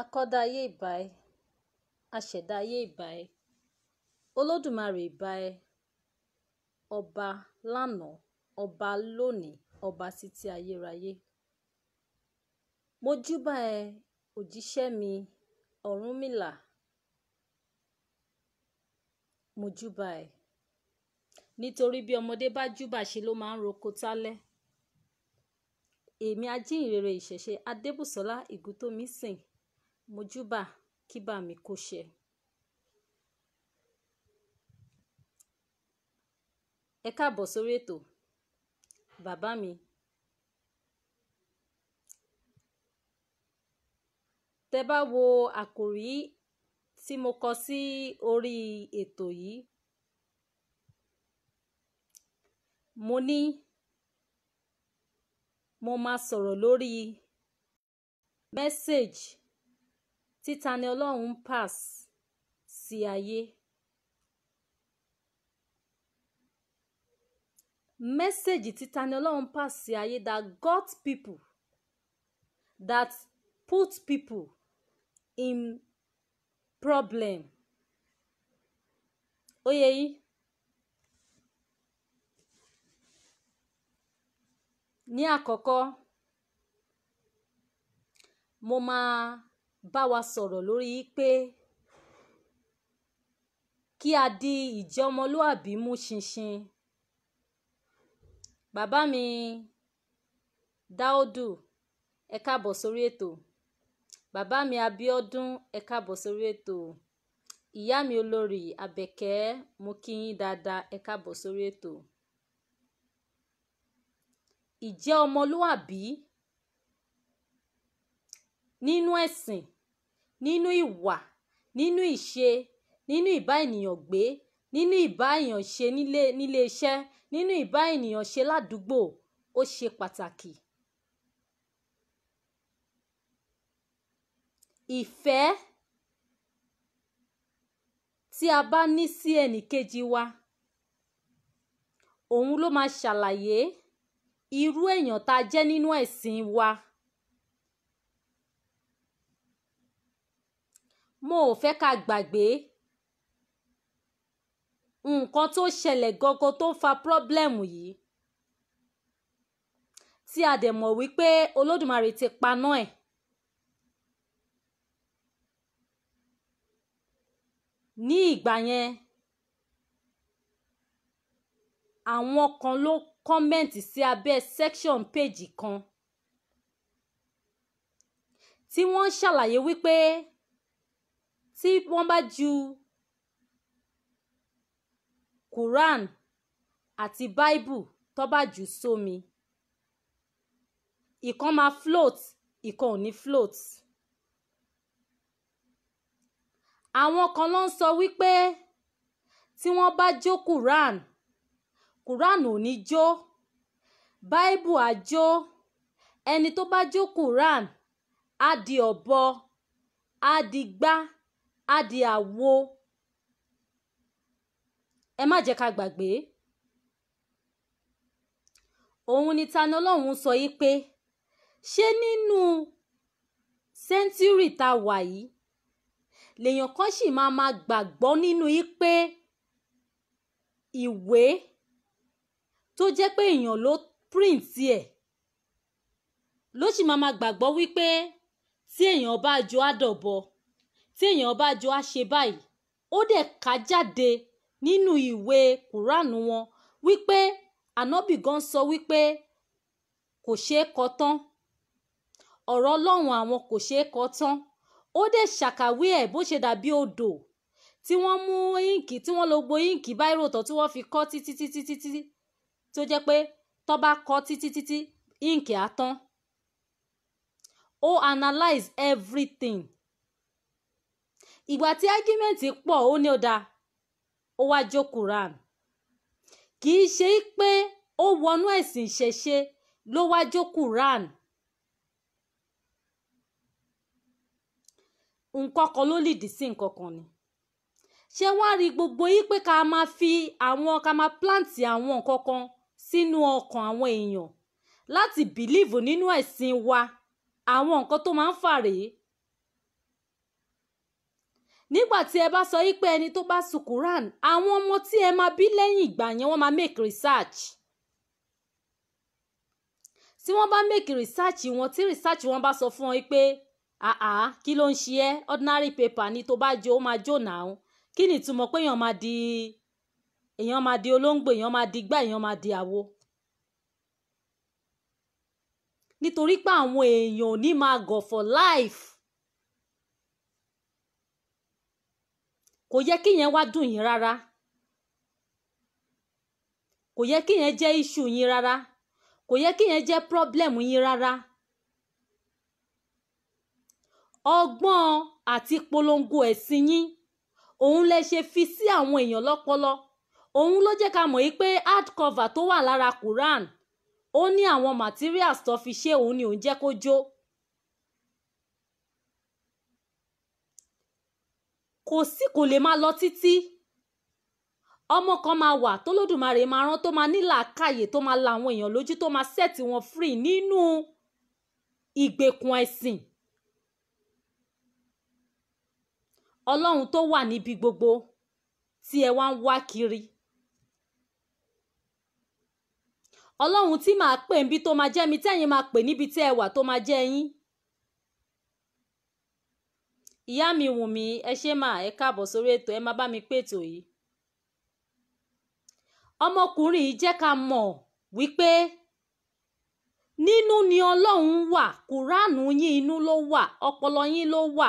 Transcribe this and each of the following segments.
akọ́dáyé ìbà ẹ aṣẹ̀dáyé ìbà ẹ olódùmarè ìbà ẹ ọba lánàá ọba lónìí ọba títí ayérayé mo júbà ẹ òjíṣẹ́ mi ọ̀rúnmìlà mo júbà ẹ nítorí bí ọmọdé bá júbà ṣe ló máa ń roko tálẹ́ èmi ajínrere ìṣẹ̀ṣe adébùsọ́lá ìgútómísìn mojúbà kí bà mí kó ṣẹ. ẹ káàbọ̀ sórí ètò bàbá mi tẹ bá wo àkòrí tí mo kọ sí orí ètò yìí mo ní mo máa sọ̀rọ̀ lórí message títa ni ọlọ́run ń pass sí ayé. mẹ́sẹ̀gì títa ni ọlọ́run pass sí ayé that got people that put people in problem. ó yẹ yìí. ní àkọ́kọ́ mo máa bá wa sọ̀rọ̀ lórí pé kí a di ìjẹ́ ọmọlúàbí mú ṣinṣin bàbá mi dáódù ẹ káàbọ̀ sórí ètò bàbá mi abíọ́dún ẹ káàbọ̀ sórí ètò ìyá mi olórí àbẹ̀kẹ́ mo kí yín dáadáa ẹ káàbọ̀ sórí ètò ìjẹ́ ọmọlúàbí nínú ẹ̀sìn nínú ìwà nínú ìṣe nínú ìbá ènìyàn gbé nínú ìbá èèyàn ṣe nílé nílé iṣẹ́ nínú ìbá ènìyàn ṣe ládùúgbò ó ṣe pàtàkì. Ìfẹ́ tí a bá ní sí ẹnìkejì wa òun ló máa ṣàlàyé irú èèyàn tá a jẹ́ nínú ẹ̀sìn wa. mo ò fẹ́ ká gbàgbé nǹkan tó ṣẹlẹ̀ gangan tó ń fa pírọ́blẹ́mù yìí tí a dẹ̀ mọ̀ wípé olódùmarè ti paná ẹ̀. ní ìgbà yẹn àwọn kan ló kọ́mẹ̀ntì sí abẹ́ section page kan tí wọ́n ń ṣàlàyé wípé tí wọ́n bá ju Quran àti Bible tó bá jù sómi ìkan máa float ìkan ò ní float. àwọn kan ló ń sọ wípé tí wọ́n bá jó Quran Quran ò ní jó Bible á jó ẹni tó bá jó Quran á di ọ̀bọ á di gbá á di àwo ẹ má jẹ́ ká gbàgbé òun ni Tani Olohun sọ yìí pé ṣé nínú sẹ́ńtúrì tá a wà yìí lèèyàn kan sì máa ma gbàgbọ́ nínú yìí pé ìwé tó jẹ́ pé èèyàn ló print ẹ̀ ló sì máa ma gbàgbọ́ wípé tí èèyàn bá jọ àdọ̀bọ̀ tí èèyàn bá jọ á ṣe báyìí ó dẹ̀ ká jáde nínú ìwé kùránù wọn wípé ànábì gan sọ wípé kò ṣeé kọ tán ọ̀rọ̀ ọlọ́run àwọn kò ṣeé kọ tán ó dẹ̀ ṣàkàwé ẹ̀ bó ṣe dàbí odò tí wọ́n mú íǹkì tí wọ́n lo gbo íǹkì báírò tán tí wọ́n fi kọ́ títí títí títí tó jẹ́ pé tó bá kọ́ títí títí íǹkì á tán ó analyze everything ìgbà tí argument pọ̀ ó ní ó ó wá jó Quran kì í ṣe pé ó wọnú ẹ̀sìn ìṣẹ̀ṣe ló wá jó Quran nǹkan kan ló lìdí sí nǹkan kan ni ṣé wàá rí gbogbo yìí pé ká máa fi àwọn ká máa plant àwọn nǹkan kan sínú ọkàn àwọn èèyàn láti bìlíìfù nínú ẹ̀sìn wa àwọn nǹkan tó máa ń fà rèé nígbà tí ẹ bá sọ yí pé ẹni tó bá sukuran àwọn ọmọ tí ẹ máa bí lẹ́yìn ìgbà yẹn wọ́n máa make research tí wọ́n bá make research wọn tí research wọn bá sọ fún ọ pé àá kí ló ń ṣe ẹ́ ordinary paper ni tó bá jó ó máa jó náà kí ni ìtumọ̀ pé èèyàn máa di èèyàn máa di olóńgbò èèyàn máa di gbá èèyàn máa di àwo nítorí pé àwọn èèyàn ò ní máa gọ̀ for life kò yẹ kí yẹn wá dùn yín rárá kò yẹ kí yẹn jẹ́ issue yín rárá kò yẹ kí yẹn jẹ́ problem yín rárá ọgbọ́n àti polongo ẹ̀sìn yín òun lè ṣe fi sí àwọn èèyàn lọ́pọlọ òun ló jẹ́ ká mọ̀ yí pé hard cover tó wà lára Quran ó ní àwọn materials tó fi ṣe òun ni òun jẹ́ kó jó. kò sí kò lè máa lọ títí ọmọ kan máa wà tó lódùmarè máa rán tó máa nílà káyè tó máa la àwọn èèyàn lójú tó máa sẹ́ẹ̀tì wọn free nínú ìgbèkùn ẹ̀sìn ọlọ́run tó wà níbi gbogbo tí ẹ wá ń wá kiri ọlọ́run tí màá pè níbi tó máa jẹ́ mi tẹ́yìn máa pè níbi tí ẹ wà tó máa jẹ́ yín ìyá mi wùnmí ẹ ṣé mà ẹ káàbọ̀ sórí ètò ẹ má bá mi pètò yìí. ọmọkùnrin yìí jẹ́ ká mọ̀ wípé nínú ni ọlọ́run wà kùránù yín inú ló wà ọpọlọ yín ló wà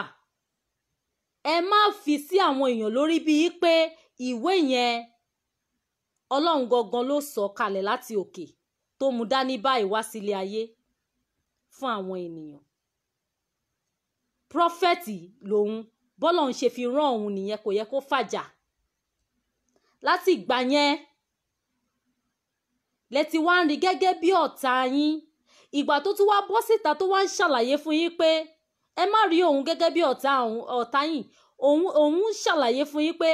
ẹ má fi sí àwọn èèyàn lórí bíi pé ìwé yẹn ọlọ́run gangan ló sọ kalẹ̀ láti òkè tó mú dání báyìí wá sílé ayé fún àwọn ènìyàn prọfẹ̀tì lòun bọ́lọ̀ ń ṣe fi rán òun nìyẹn kò yẹ kó fàjà láti ìgbà yẹn lẹ ti wá ń rí gẹ́gẹ́ bí ọ̀tá yín ìgbà tó tún wá bọ́ síta tó wá ń ṣàlàyé fún yín pé ẹ má rí òun gẹ́gẹ́ bí ọ̀tá ọ̀tá yín òun òun ṣàlàyé fún yín pé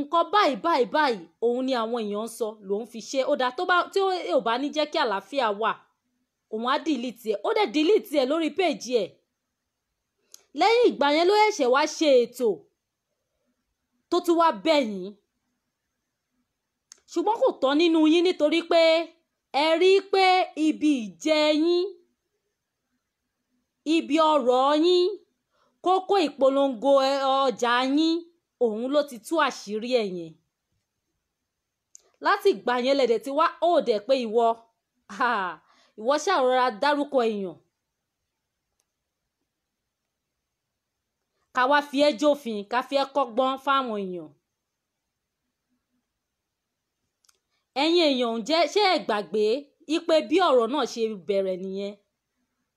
nǹkan báyìí báyìí báyìí òun ni àwọn èèyàn ń sọ lòun fi ṣe ó dáa tó bá tí ò bá ní jẹ́ kí àlàáfíà wà òun á dìlítì ẹ̀ ó dẹ̀ dìlítì ẹ̀ lórí péèjì ẹ̀ lẹ́yìn ìgbà yẹn ló ṣẹ̀ṣẹ̀ wá ṣe ètò tó tún wá bẹ̀yìn ṣùgbọ́n kò tán nínú yín nítorí pé ẹ rí i pé ibi ìjẹ yín ibi ọ̀rọ̀ yín kókó ìpolongo ọjà yín òun ló ti tú àṣírí ẹ̀ yẹn láti ìgbà yẹn lẹ̀dẹ̀ tí wá ó pé ìwọ ìwọ ṣàrọra dárúkọ èèyàn ká wá fi ẹ́ jófin ká fi ẹ́ kọ́gbọ́n fáwọn èèyàn. ẹ̀yin èèyàn ǹjẹ́ ṣé ẹ gbàgbé ipe bí ọ̀rọ̀ náà ṣe bẹ̀rẹ̀ nìyẹn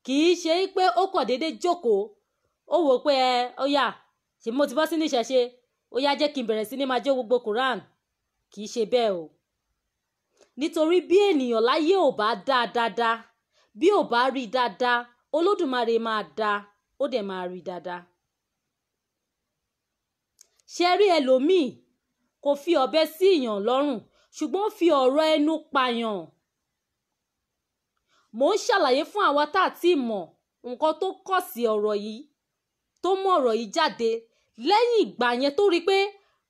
kì í ṣe pé ó kàn déédé jókòó ó wò pé ẹ ó yà ṣe mo ti bọ́ sí ní ìṣẹ̀ṣe ó yá jẹ́ kí n bẹ̀rẹ̀ sí ní máa jó gbogbo Quran kì í ṣe bẹ́ẹ̀ o nítorí bí ènìyàn láyé ò bá dá dáadáa bí ò bá rí dáadáa Olódùmarè máa dá ó dẹ̀ máa rí dáadáa ṣe rí ẹlòmíì kò fi ọ̀bẹ sí ìyàn lọ́rùn ṣùgbọ́n fi ọ̀rọ̀ ẹnu pààyàn mò ń ṣàlàyé fún àwa tá a ti mọ̀ nǹkan tó kọ̀ sí ọ̀rọ̀ yìí tó mú ọ̀rọ̀ yìí jáde lẹ́yìn ìgbà yẹn tó rí i pé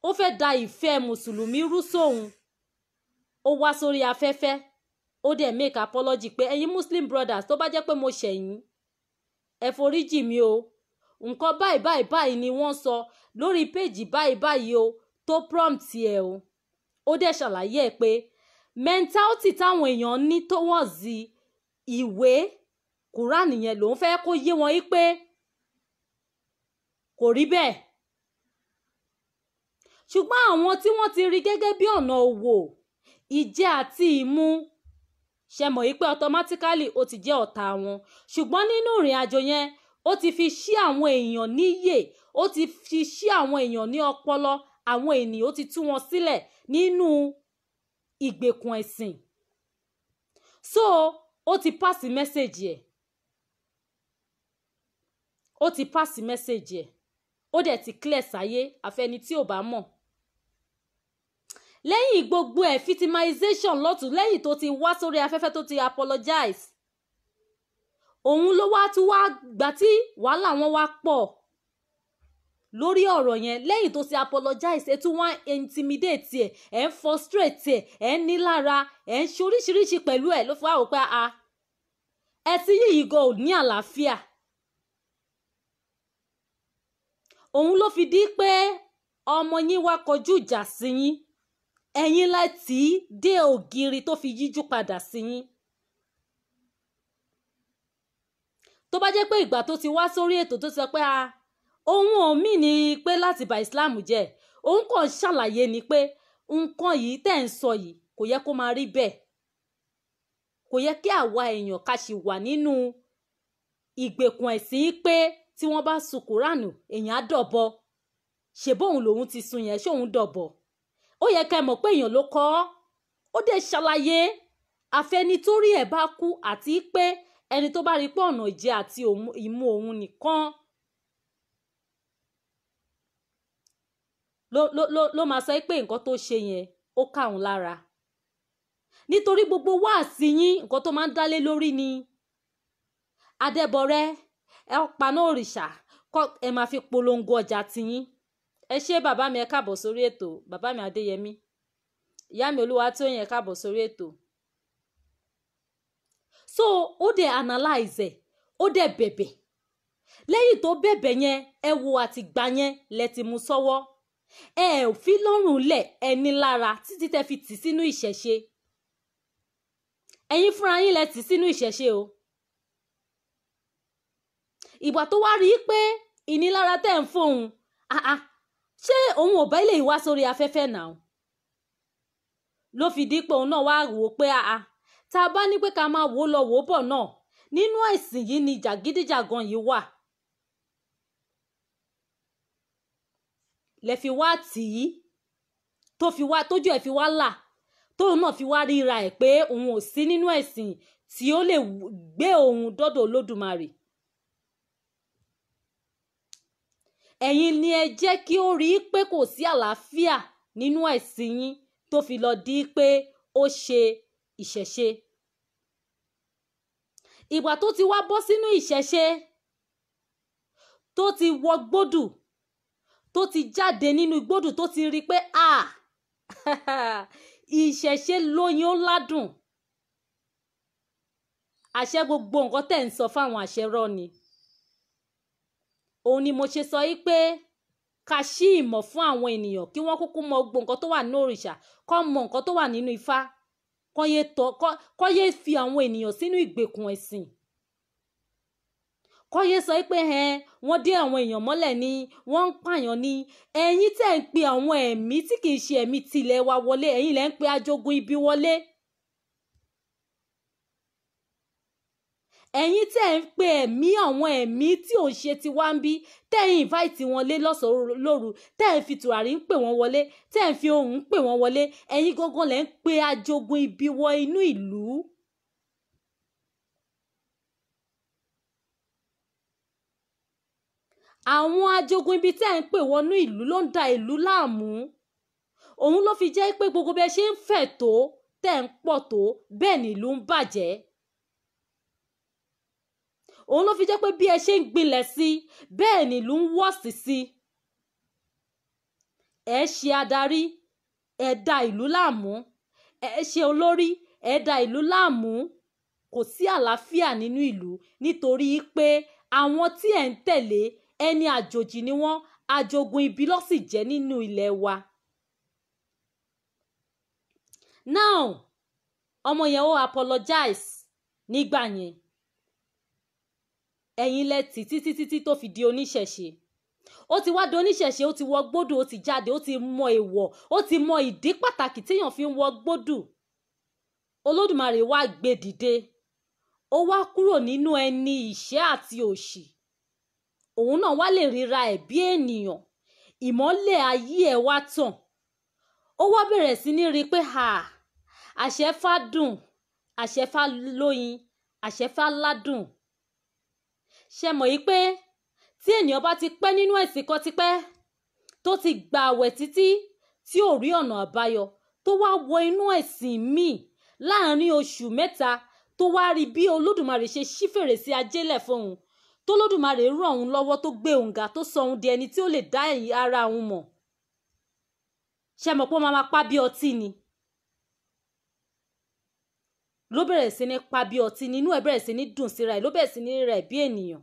ó fẹ́ da ìfẹ́ mùsùlùmí rú sóun ó wá sórí afẹ́fẹ́ ó dẹ̀ make apology pé ẹ̀yin muslim brothers tó bá jẹ́ pé mo ṣẹ̀yìn ẹ foríjì mi o nǹkan báyìí báyìí báyìí ni wọ́n sọ lórí péjì báyìí báyìí o tó prompt ẹ o ó dẹ̀ ṣàlàyé ẹ pé mentality táwọn èèyàn ní towards ìwé Quran yẹn lòun fẹ́ kó yé wọn yí pé kò rí bẹ́ẹ̀ ṣùgbọ́n àwọn tí wọ́n ti rí gẹ́gẹ́ bí ọ̀nà òwò ìjẹ àti ìmu ṣe mọ̀ yí pé automatically ó ti jẹ́ ọ̀tá wọn ṣùgbọ́n nínú ìrìn àjò yẹn ó ti fi ṣí àwọn èèyàn níyè ó ti fi ṣí àwọn èèyàn ní ọpọlọ àwọn ènìyàn ó ti tú wọn sílẹ̀ nínú ìgbèkùn ẹ̀sìn so ó ti pàṣẹ mẹ́sẹ̀gì ẹ̀ ó ti pàṣẹ mẹ́sẹ̀gì ẹ̀ ó dẹ̀ ti clear sáyé àfẹni tí ò bá mọ̀ lẹ́yìn gbogbo ẹ̀ e, victimization lọ́tún lẹ́yìn tó ti wá sórí afẹ́fẹ́ tó ti apologize òun ló wá tún wá gbà tí wàhálà wọn wá pọ̀ lórí ọ̀rọ̀ yẹn lẹ́yìn tó ti apologize ẹ tún wá intimidate ẹ ẹ ń frustrate ẹ ẹ ń nílára ẹ ń ṣe oríṣiríṣi pẹ̀lú ẹ ló fi wá wò pé a ah, ẹ ti yí ìgò ò ní àlàáfíà òun ló fi di pé ọmọ yín wá kọjú ìjà sí yín ẹ̀yin láti dé ògiri tó fi yíjú padà sí yín tó bá jẹ́ pé ìgbà tó ti wá sórí ètò tó sọ pé ohun omi ni pé láti bà Islam jẹ́ òun kàn ṣàlàyé ni pé nǹkan yìí tẹ̀ ń sọ yìí kò yẹ kó máa rí bẹ́ẹ̀ kò yẹ kí àwa èèyàn ká sì wà nínú ìgbèkùn ẹ̀sìn pé tí wọ́n bá sun kúránù èèyàn á dọ̀bọ ṣèbóun lòun ti sun yẹn ṣóun dọ̀bọ ó yẹ ká mọ̀ pé èèyàn ló kọ́ ó dẹ̀ ṣàlàyé àfẹnitórí ẹ̀ bá kú àti pé ẹni tó bá rí pé ọ̀nà ìjẹ àti ìmu òun nìkan ló ló ló máa sọ pé nǹkan tó ṣe yẹn ó kà lára nítorí gbogbo wáàsí yín nǹkan tó máa ń dálé lórí ni adẹ́bọrẹ́ ẹ paná òrìṣà kọ́ ẹ máa fi polongo ọjà tiyín ẹ ṣé bàbá mi ẹ káàbọ̀ sórí ètò bàbá mi adéyẹmí ìyá mi olúwa tí ó yẹn káàbọ̀ sórí ètò so ó dẹ̀ analyze ẹ̀ ó dẹ̀ bẹ̀bẹ̀ lẹ́yìn tó bẹ̀bẹ̀ yẹn ẹ wo àtìgbà yẹn lẹ ti mú sọ́wọ́ ẹ ò fi lọ́rùn lẹ̀ ẹni lára títí tẹ fi tì sínú ìṣẹ̀ṣe ẹ̀yin fúnra yín lẹ tì sínú ìṣẹ̀ṣe o ìgbà tó wá rí i pé ìnilára tẹ̀ ń fóun àá ṣé òun ò bá ilé ìwá sórí afẹ́fẹ́ náà ló fi dípò òun náà wá wò ó pé àá tá a bá ní pé ká máa wò lọ wò bọ̀ náà nínú ẹ̀sìn yìí ni jàgídíjàgan yìí wà. lẹ fi wá tì í tó fi wá tójú ẹ̀ fi wá là tóun náà fi wá ríra ẹ̀ pé òun ò sí nínú ẹ̀sìn tí ó lè gbé òun dọ́dọ̀ Olódùmarè. ẹ̀yin ni ẹ jẹ́ kí ó rí pé kò sí àlàáfíà nínú ẹ̀sìn yín tó fi lọ di pé ó ṣe ìṣẹ̀ṣe ìgbà tó ti wá bọ́ sínú ìṣẹ̀ṣe tó ti wọ gbódù tó ti jáde nínú gbódù tó ti rí pé a ìṣẹ̀ṣe lóyin ó ládùn àṣẹ gbogbo nǹkan tẹ̀ ń sọ fáwọn àṣẹ rọ ni òun ni mo ṣe sọ yìí pé ká ṣí ìmọ̀ fún àwọn ènìyàn kí wọ́n kúkú mọ gbogbo nǹkan tó wà nínú òrìṣà kó mọ nǹkan tó wà nínú ifá kọ́yé fi àwọn ènìyàn sínú ìgbèkùn ẹ̀sìn kọ́yé sọ pé wọ́n dé àwọn èèyàn mọ́lẹ̀ ni wọ́n ń pààyàn ni ẹ̀yin tẹ̀ ń pe àwọn ẹ̀mí tí kì ṣe ẹ̀mí tilẹ̀ wa wọlé ẹ̀yin lẹ́ ń pe ajogun ibi wọlé ẹ̀yin tẹ́ ń pe ẹ̀mí àwọn ẹ̀mí tí ò ń ṣe ti wá ń bí tẹ́ ń invite wọn lé lọ́sàn lóru tẹ́ ń fi tùràrí ń pè wọ́n wọlé tẹ́ ń fi ohùn ń pè wọ́n wọlé ẹ̀yin gangan lẹ́ ń pe ajogun ibi wọ inú ìlú. àwọn ajogun ibi tẹ́ ń pè wọnú ìlú ló ń da ìlú láàmú òun ló fi jẹ́ pé gbogbo bẹ́ẹ̀ ṣe ń fẹ̀ tó tẹ́ ń pọ̀ tó bẹ́ẹ̀ ni ìlú ń bàjẹ́ òun ló fi jẹ́ pé bí ẹ ṣe ń gbilẹ̀ sí i bẹ́ẹ̀ nìlú ń wọ̀sì sí i. ẹ ṣe adarí ẹ da ìlú láàmú ẹ ṣe olórí ẹ da ìlú láàmú kò sí àlàáfíà nínú ìlú nítorí pé àwọn tí ẹ̀ ń tẹ̀lé ẹni àjòjì ni wọ́n àjogún ibi ló sì jẹ́ nínú ilẹ̀ wa. now ọmọ yẹn ó apologize nígbà yẹn ẹ̀yin lẹ́tì títí títí tó fi di oníṣẹ̀ṣe ó ti wá di oníṣẹ̀ṣe ó ti wọ gbódù ó ti jáde ó ti mọ èèwọ̀ ó ti mọ ìdí pàtàkì téèyàn fi ń wọ gbódù olódùmarè wá gbé dìde ó wá kúrò nínú ẹni ìṣẹ́ àti òṣì òun náà wá lè ríra ẹ̀ bí ènìyàn ìmọ́lẹ̀ ayé ẹ̀ wá tàn ó wá bẹ̀rẹ̀ sí ní rí i pé àṣẹfá dùn àṣẹfá lóyin àṣẹfá ládùn ṣe mọ̀ yìí pé tí ènìyàn bá ti pẹ́ nínú ẹ̀sìn kan tipẹ́ tó ti gba àwẹ̀ títí tí ò rí ọ̀nà àbáyọ tó wá wọ inú ẹ̀sìn míì láàrin oṣù mẹ́ta tó wá rí bí olódùmarè ṣe ṣí fèrèsé ajélẹ̀ fún òun tó lódùmarè ràn òun lọ́wọ́ tó gbé òun ga tó sọ òun di ẹni tí ó lè dá ara òun mọ̀ ṣe mọ̀ pé ó máa pa bí ọtí ni ló bẹ̀rẹ̀ sí ní pa bí ọtí nínú ẹ̀ bẹ̀rẹ̀ sí ní dùn síra ẹ̀ ló bẹ̀rẹ̀ sí ní rẹ̀ bí ènìyàn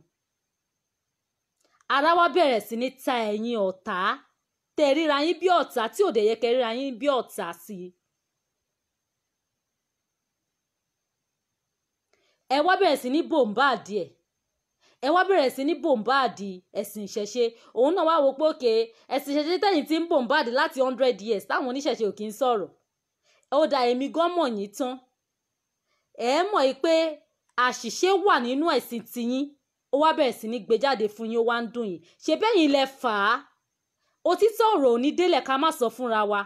ara wa bẹ̀rẹ̀ sí ní ta ẹ̀yin ọ̀tá tẹ̀ ríra yín bí ọ̀tá tí ò dẹ̀ yẹ kẹ́ ríra yín bí ọ̀tá sí i. ẹ wá bẹ̀rẹ̀ sí ní bòǹbà adìẹ ẹ wá bẹ̀rẹ̀ sí ní bòǹbà àdì ẹ̀sìn ìṣẹ̀ṣe òun náà wá wo pé òkè ẹ̀sìn ìṣẹ̀ṣe tẹ̀yìn tí ń bòǹbà àdì láti hundred years táwọn oníṣẹ̀ṣe ò kí ń sọ̀rọ̀ ó dà èmi gan mọ̀ yín tán ẹ mọ̀ yìí pé àṣìṣe wà nínú ẹ̀sìn tiyín ó wá bẹ̀rẹ̀ sí ní gbé jáde fún yín ó wá ń dùn yín ṣe bẹ́yìn ilẹ̀ fà á òtítọ́ ọ̀rọ̀ òní délẹ̀ ká má sọ fúnra wa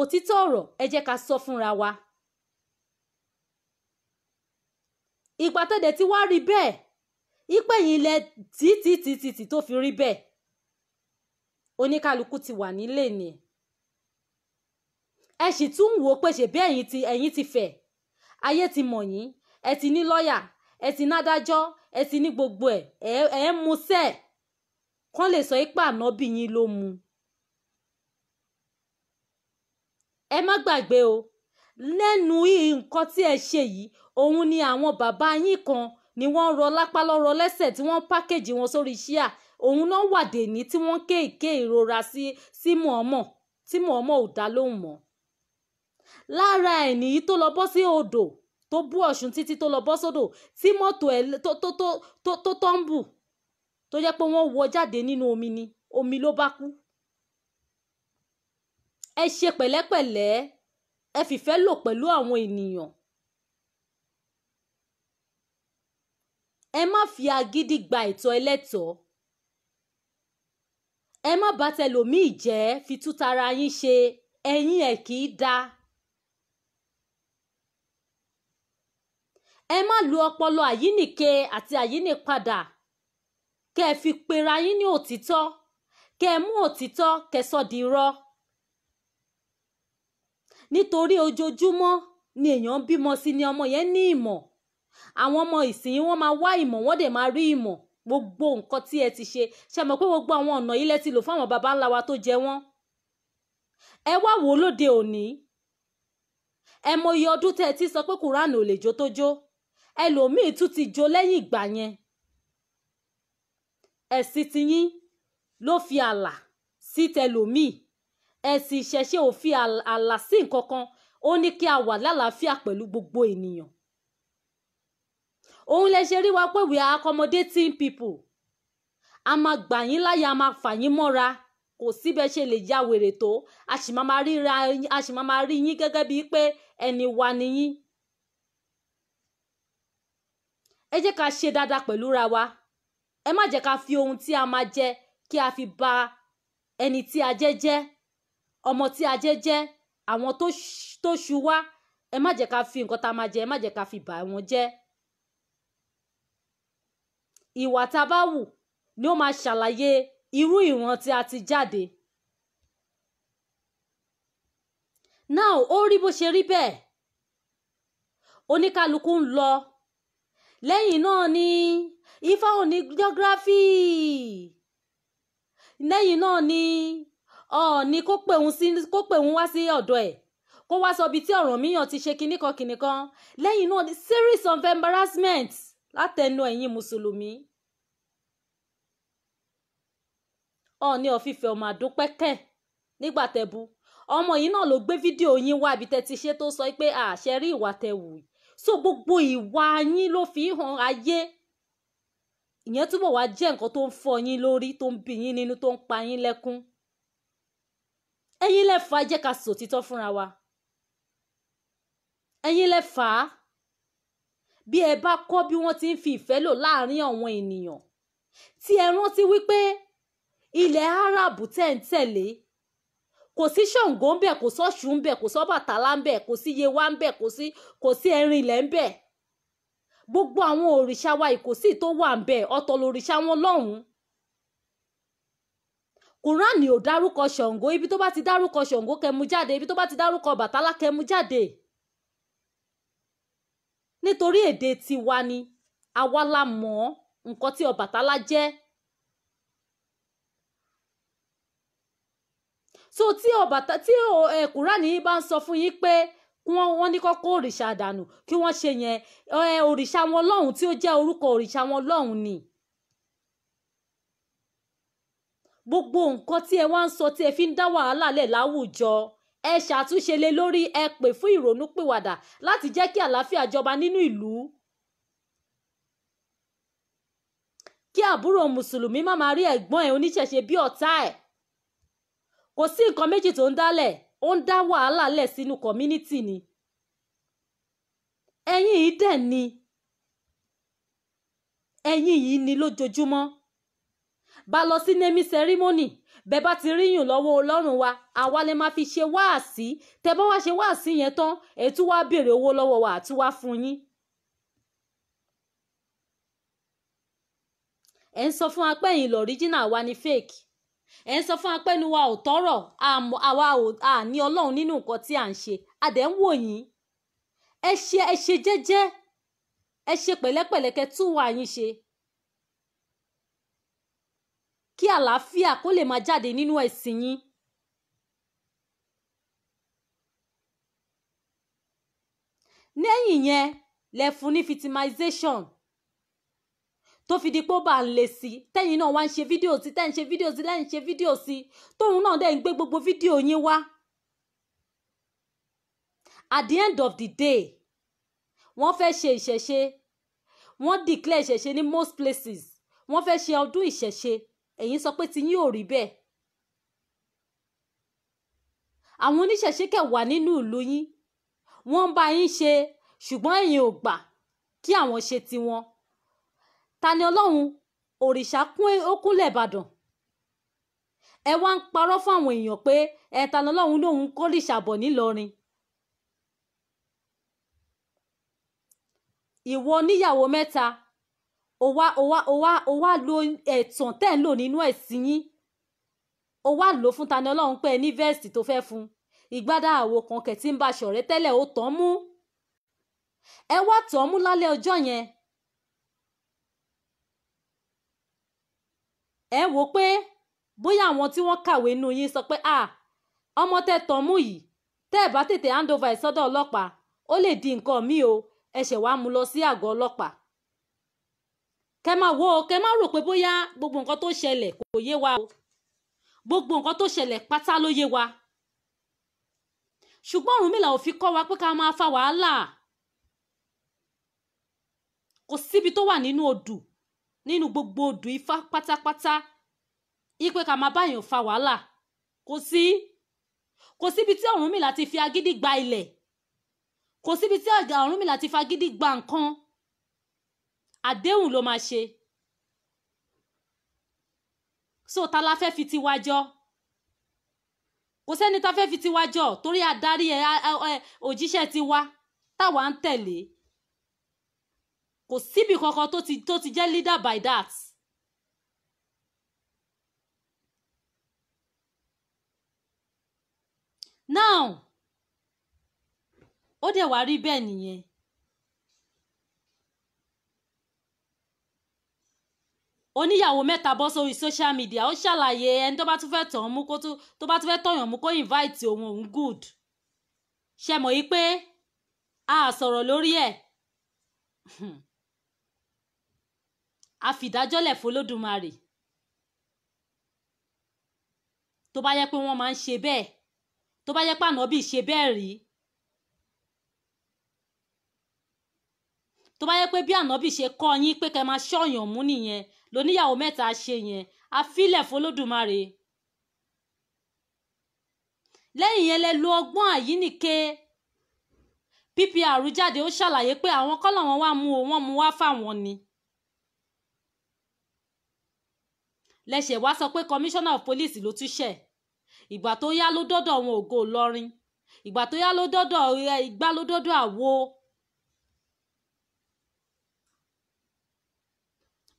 òtítọ́ ọ̀rọ̀ ẹ jẹ́ ká sọ fúnra wa ìgbà tó dẹ̀ ti wá rí bẹ́ẹ̀ ipe yìí lẹ títí títí tó fi rí bẹ́ẹ̀ oníkálukú ti wà nílé nìyẹn ẹ sì tún wò ó pé ṣèbí ẹ̀yin ti ẹ̀yin ti fẹ̀ ayé ti mọ̀ yín ẹ ti ní lọ́ọ̀yà ẹ ti ní adájọ́ ẹ ti ní gbogbo ẹ̀ ẹ̀ ń mu sẹ́ẹ̀ kán lè sọ ipá ànábì yín ló mu. ẹ má gbàgbé o lẹ́nu yìí nǹkan tí ẹ ṣe yìí òun ni àwọn bàbá yín kan ni wọ́n rọ lápá lọ́rọ̀ lẹ́sẹ̀ tí wọ́n pákéjì wọn sórí ṣíà òun náà wà dèní tí wọ́n kéèké ìrora sí sí mọ̀ọ́mọ̀ tí mọ̀ọ́mọ̀ ò dá lóhùn mọ́ lára ẹ̀ nìyí tó lọ bọ́ sí odò tó bú ọ̀ṣun títí tó lọ bọ́ sódò tí mọ́tò ẹ̀ tó tó tó tó tọ́ǹbù tó jẹ́ pé wọ́n wọ jáde nínú omi ni omi ló bá kú. ẹ ṣe pẹ̀lẹ́pẹ̀lẹ́ ẹ fìfẹ́ lò pẹ̀lú àwọn ènìyàn. ẹ má fi agídí gba ẹ̀tọ́ ẹlẹ́tọ̀ọ́ ẹ má bà tẹlòmíì jẹ́ fi tútara yín ṣe ẹ̀yin ẹ̀ kì í dáa. ẹ má lu ọpọlọ àyínìke àti àyínìpadà kẹ́ ẹ fi pera yín ní òtítọ́ kẹ́ ẹ mú òtítọ́ kẹ́ sọ di irọ́ nítorí ojoojúmọ́ ni èèyàn bímọ sí ni ọmọ yẹn ní ìmọ̀ àwọn ọmọ ìsìn wọn máa wá ìmọ̀ wọ́n dẹ̀ máa rí ìmọ̀ gbogbo nǹkan tí ẹ ti ṣe ṣe mọ̀ pé gbogbo àwọn ọ̀nà yìí lẹ ti lò fún àwọn baba ńlá wa tó jẹ wọ́n ẹ wá wò ó lóde òní ẹ mọ iye ọdún tẹ ẹ ti sọ pé kùránù ò lè jó tó jó ẹlòmíì tún ti jó lẹ́yìn ìgbà yẹn ẹ̀sìn tiyín ló fi ààlà sí tẹlòmíì ẹ̀sìn ìṣẹ̀ṣe ò fi ààlà sí nǹkan kan ó ní kí a wà lálàáfíà pẹ̀lú gbogbo ènìyàn òun lè ṣe rí wa pé we are accommodating people a máa gbà yín láyà a máa fà yín mọ́ra kò síbẹ̀ ṣe lè ya wèrè tó a sì máa rí yín gẹ́gẹ́ bíi pé ẹni wa ni yín ẹ jẹ́ ká ṣe dáadáa pẹ̀lú ra wa ẹ má jẹ́ ká fi ohun tí a máa jẹ kí a fi ba ẹni tí a jẹ́ jẹ́ ọmọ tí a jẹ́ jẹ́ àwọn tó ṣu wá ẹ má jẹ́ ká fi nǹkan tá a máa jẹ ẹ má jẹ́ ká fi bà wọ́n jẹ́ ìwà tá a bá wù ni ó máa ṣàlàyé irú ìran tí a ti jáde. náà ó rí bó ṣe rí bẹ́ẹ̀ oníkálukú ń lọ lẹ́yìn náà ni ifá òní geography lẹ́yìn náà ni ọ̀ọ́ni kó pè òun wá sí ọ̀dọ̀ ẹ̀ kó wá sọ ibi tí Ọ̀rànmíyàn ti ṣe kinní kan kinní kan lẹ́yìn náà ni series of embarrassment látẹnu ẹ̀yin mùsùlùmí. ọ̀ọ́ni ọ̀fìfẹ́ ọmọ àdópẹ́kẹ́ nígbà tẹ̀bu ọmọ yìí náà ló gbé fídíò yín wá ibi tẹ́ ti ṣe tó sọ pé àṣẹ rí ìwà tẹ̀ wù yìí so gbogbo ìwà yín ló fi hàn ayé ìyẹn túbọ̀ wá jẹ́ nǹkan tó ń fọ yín lórí tó ń bì yín nínú tó ń pa yín lẹ́kún ẹ̀yin lẹ́fà jẹ́ ká sòtítọ́ fúnra wa ẹ̀yin lẹ́fà bí ẹ bá kọ́ bí wọ́n ti ń fi ìfẹ́ lò láàárín àwọn ènìyàn tí ẹ rántí wípé ilẹ̀ Arab tẹ̀ ń tẹ̀lé kò sí ṣàngó ń bẹ̀ kò sọ́ṣù ń bẹ̀ kò sọ́bàtálá ń bẹ̀ kò sí yewa ń bẹ̀ kò sí kò sí ẹrinlẹ̀ ń bẹ̀ gbogbo àwọn òrìṣà wa ìkòsí tó wà ń bẹ̀ ọ̀tọ̀ lòrìṣà wọn lọ́hùn-ún kùránì ò dárúkọ ṣàngó ibi tó bá ti dárúkọ ṣàngó kẹmu jáde ibi tó bá ti dárúkọ bàtálá kẹmu jáde nítorí èdè tiwa ni àwa la mọ̀ nǹkan tí ọbàtálá jẹ́ so tí ọbàtà tí ẹ eh, kúránì yìí bá ń sọ fún yín pé wọ́n wọ́n ní kọ́kọ́ òrìṣà dànù kí wọ́n ṣe yẹn ẹ eh, òrìṣà wọn lọ́hùn tí ó jẹ́ orúkọ òrìṣà wọn lọ́hùn ni. gbogbo nǹkan tí ẹ wá ń sọ tí ẹ fi ń dá wàhálà lẹ̀ láwùjọ ẹ ṣàtúnṣe lé lórí ẹ pè fún ìrònúpìwàdà láti jẹ́ kí àlàáfíà jọba nínú ìlú. kí àbúrò mùsùlùmí má máa rí ẹ̀gbọ́n ẹ̀ oníṣẹ̀ṣe bí ọ̀tá ẹ̀ kò sí nǹkan méjì tó ń dálẹ̀ ó ń dá wàhálà lẹ̀ sínú community ni ẹ̀yin yìí dẹ̀ ni ẹ̀yin yìí ni lójoojúmọ́ bá lọ sí nemi ceremony bẹ́ bá ti ríyùn lọ́wọ́ ọlọ́run wa àwa lè máa fi ṣe wáàsí tẹ́ bá wá ṣe wáàsí yẹn tán ètú wá béèrè owó lọ́wọ́ wa àti wá fún yín. ẹ̀ ń sọ fún wa pé ẹ̀yin wa ni fake ẹ̀ ń sọ fún apẹ́nu wa ò tọ́rọ̀ àwa ò ní ọlọ́run nínú nǹkan tí à ń ṣe adẹ̀ ń wò yín ẹ ṣe ẹ ṣe jẹ́jẹ́ ẹ ṣe pẹ̀lẹ́pẹ̀lẹ́ kẹ́ tún wà yín ṣe kí àlàáfíà kó lè máa jáde nínú ẹ̀sìn yín. lẹ́yìn yẹn lẹ fún ní fertilization tó fi di pé ó bá ń le sí tẹ́yìn náà wá ń ṣe fídíò sí tẹ́yìn ṣe fídíò sí lẹ́yìn ṣe fídíò sí tóun náà dẹ̀ ń gbé gbogbo fídíò yín wá. at the end of the day wọ́n fẹ́ ṣe ìṣẹ̀ṣe wọ́n declare ìṣẹ̀ṣe ní most places wọ́n fẹ́ ṣe ọdún ìṣẹ̀ṣe ẹ̀yin sọ pé ti yín ò rí bẹ́ẹ̀. àwọn oníṣẹ̀ṣe kẹ̀ wà nínú ìlú yín wọ́n ń bá yín ṣe ṣùgbọ́n ẹ̀yin ò gbà kí àwọn ṣe tiwọn ta ni ọlọ́run òrìṣà kún e, ó kúnlẹ̀ ìbàdàn ẹ wá ń parọ́ fáwọn èèyàn pé ẹ ta ni ọlọ́run lòun kórìṣà bọ̀ nílọrin ìwọ oníyàwó mẹ́ta o wá lo ẹ̀tàn tẹ́ ń lò nínú ẹ̀sìn yín o wá lò fún ta ni ọlọ́run pé ẹ ní vẹ́ẹ̀sì tó fẹ́ fún ìgbádà àwo kan kẹ̀ tí ń bá ṣọ̀rẹ́ tẹ́lẹ̀ ó tán mú ẹ wá tán mú lálẹ́ ọjọ́ yẹn ẹ wò pé bóyá àwọn tí wọ́n kàwé nù yín sọ pé à ọmọ tẹ tàn mú yìí tẹ́ ẹ̀ bá tètè hand over ẹ̀ sọ́dọ̀ ọlọ́pàá ó lè di nǹkan míì o ẹ ṣẹ̀ wá mú lọ sí àgọ́ ọlọ́pàá. kẹ máa wo kẹ máa rò pé bóyá gbogbo nǹkan tó ṣẹlẹ̀ kò yé wa o gbogbo nǹkan tó ṣẹlẹ̀ pátá ló yé wa. ṣùgbọ́n Ọ̀rúnmìlà ò fi kọ́ wa pé ká máa fa wàhálà kò síbi tó wà nínú odù nínú gbogbo odù ifá pátápátá ipe ká máa báyàn fa wàhálà kò sí kò síbi tí Ọ̀rúnmìlà ti fi agídí gba ilẹ̀ kò síbi tí Ọ̀rúnmìlà ti fi agídí gba nǹkan àdéhùn ló máa ṣe so ta la fẹ́ fi tiwa jọ kò sẹ́ni ta fẹ́ fi tiwa jọ torí adarí ẹ̀ òjíṣẹ́ tiwa táwa ń tẹ̀lé kò síbi kankan tó ti tó ti jẹ́ leader by that. now ó dẹ̀ wá rí bẹ́ẹ̀ nìyẹn. oníyàwó mẹ́ta bọ́ sórí social media ó ṣàlàyé ẹni tó bá tún fẹ́ tàn án mú kó tó bá tún fẹ́ tàn yàn mú kó invite òun òun good ṣe mọ̀ yí pé a sọ̀rọ̀ lórí ẹ̀. a fìdájọ́lẹ̀ fọlódùmarè tó bá yẹ pé wọ́n máa ń ṣe bẹ́ẹ̀ tó bá yẹ pé ànábì ṣe bẹ́ẹ̀ rí tó bá yẹ pé bí ànábì ṣe kọ́ yín pé kẹ́ máa ṣọ́yàn mú nìyẹn lóníyàwó mẹ́ta ṣe yẹn a filẹ̀ fọlódùmarè lẹ́yìn yẹn lẹ lo ọgbọ́n àyíníke PPR jáde ó ṣàlàyé pé àwọn kọ́ làwọn wá mú o wọ́n mú wá fáwọn ni. lẹ́sẹ̀ wá sọ pé commissioner of police ló tún ṣẹ̀ ìgbà tó yá ló dọ́dọ̀ wọn ògo Ìlọrin ìgbà tó yá ló dọ́dọ̀ igbá ló dọ́dọ̀ àwo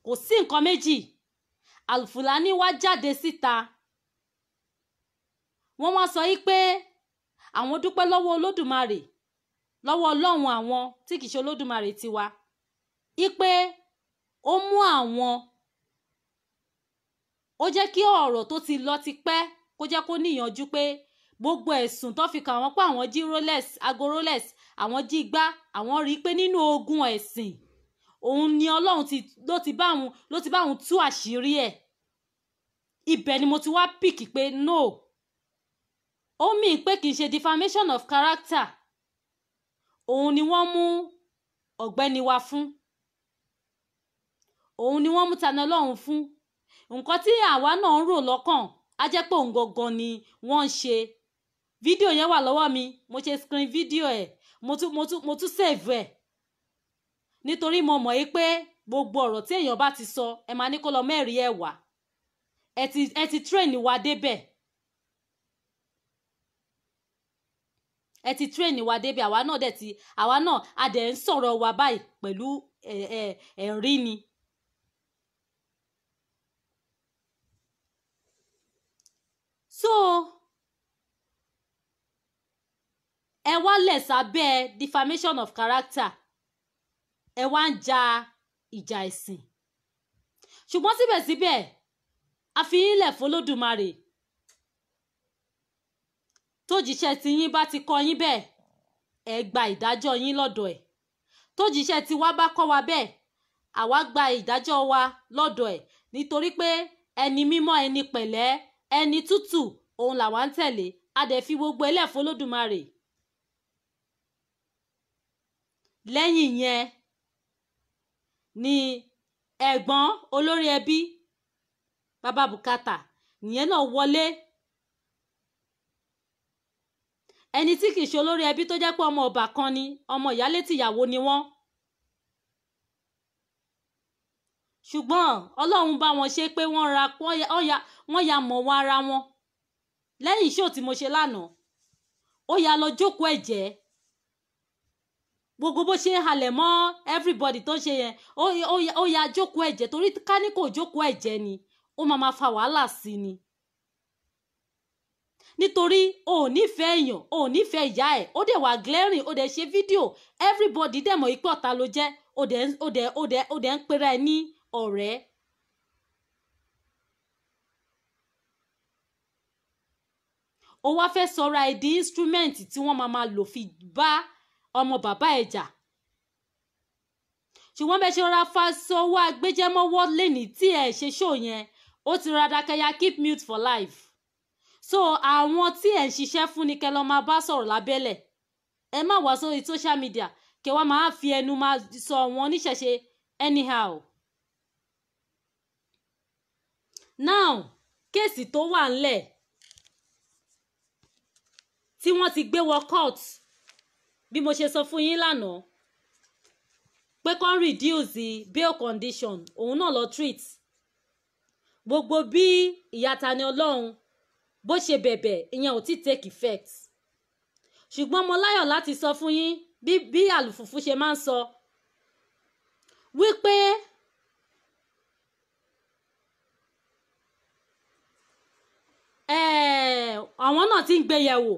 kò sí nǹkan méjì Al-Fulani wá jáde síta wọ́n wá sọ yí pé àwọn dúpẹ́ lọ́wọ́ Olódùmarè lọ́wọ́ Ọlọ́run àwọn tí kìí ṣe Olódùmarè tiwa yí pé ó mú àwọn ó jẹ́ kí ọ̀rọ̀ tó ti lọ ti pẹ́ kó jẹ́ kó níyanjú pé gbogbo ẹ̀sùn tó fi kàn wọ́n pé àwọn jí rolex aago rolex àwọn jí igbá àwọn rí i pé nínú ogun ẹ̀sìn òun ni ọlọ́run ló ti bá òun ló ti bá òun tú àṣírí ẹ̀ ibẹ̀ ni mo ti wá pìkì pé no ó mì pé kì í ṣe defamation of character òun ni wọ́n mú ọ̀gbẹ́ni wa fún òun ni wọ́n mú tanilọ́hún fún nǹkan tí àwa náà ń rò lọ́kàn á jẹ́ pé òun gangan ni wọ́n ń ṣe fídíò yẹn wà lọ́wọ́ mi mo ṣe screen fídíò ẹ̀ mo tún mo tún mo tún save ẹ̀ nítorí mo mọ̀ yí pé gbogbo ọ̀rọ̀ tí èèyàn bá ti sọ ẹ máa ní kó lọ mẹ́rin ẹ̀ ẹ ti train wa débẹ̀ ẹ ti train wa débẹ̀ àwa náà dẹ̀ ti àwa náà a dẹ̀ ń sọ̀rọ̀ wa báyìí pẹ̀lú ẹ̀rí ni. so ẹ wá lẹ̀ sábẹ́ defamation of character ẹ wá ń ja ìjà ẹ̀sìn ṣùgbọ́n síbẹ̀síbẹ̀ a fi yín lẹ̀ fọlódùmarè tójíṣẹ́ tiyín bá ti kọ́ yín bẹ́ẹ̀ ẹ gba ìdájọ́ yín lọ́dọ̀ ẹ̀ tójíṣẹ́ tiwa bá kọ́ wa bẹ́ẹ̀ àwa gba ìdájọ́ wa lọ́dọ̀ ẹ̀ nítorí pé ẹni mímọ́ ẹni pẹ̀lẹ́ ẹni tútù òun làwa ń tẹ̀lé a dẹ̀ fi gbogbo ẹlẹ́fọ́ olódùmarè lẹ́yìn yẹn ni ẹ̀gbọ́n olórí ẹbí bàbá bùkátà nìyẹn náà wọlé ẹni tí kìí ṣe olórí ẹbí tó jẹ́ pé ọmọ ọba kan ni ọmọ ìyálé tìyàwó ni wọ́n ṣùgbọ́n ọlọ́run bá wọn ṣe pé wọ́n ra wọ́n ya mọ̀ wọn ara wọn lẹ́yìn iṣẹ́ tí mo ṣe lánàá ó ya lọ jókòó ẹ̀jẹ̀ gbogbo bó ṣe ń halẹ̀ mọ́ everybody tó ṣe yẹn ó ya jókòó ẹ̀jẹ̀ torí ká ní kò jókòó ẹ̀jẹ̀ ni ó máa máa fa wàhálà sí ni nítorí o ò nífẹ̀ẹ́ èèyàn o ò nífẹ̀ẹ́ ìyá ẹ̀ ó dẹ̀ wà glaring ó dẹ̀ ṣe fídíò everybody dẹ̀ mọ̀ ipò ọ̀tá ló jẹ́ ó dẹ̀ ó dẹ̀ ó dẹ̀ ó dẹ̀ ń pera ẹ̀ ní ọ̀rẹ́ ó wá fẹ́ sọra ẹ̀ di instrument tí wọ́n máa máa lò fi bá ọmọ bàbá ẹ̀ jà ṣùgbọ́n bẹ́ẹ̀ ṣe ra fasowó agbẹjẹmọ́wọ́ lẹ́ni tí ẹ̀ ṣe ṣó yẹn ó ti ra dákẹ́yà keep mute for life so àwọn tí ẹ̀ ń ṣiṣẹ́ fún ni kẹ́ lọ́ọ́ máa bá sọ̀rọ̀ lábẹ́lẹ̀ ẹ má wá sórí social media kẹ́ wá máa fi ẹnu máa sọ wọn níṣẹ̀ṣe anyhow now kéèsì tó wà ńlẹ̀ tí wọ́n ti gbé wọ court bí mo ṣe sọ fún yín lánàá pé kán reduce the bail condition òun náà lọ treat gbogbo bí ìyá Tani Olohun bó ṣe bẹ̀bẹ̀ ìyẹn ò tí take effect ṣùgbọ́n mo láyọ̀ láti sọ fún yín bí bí àlùfùfù ṣe máa ń sọ wípé àwọn náà ti ń gbé yẹ̀ wò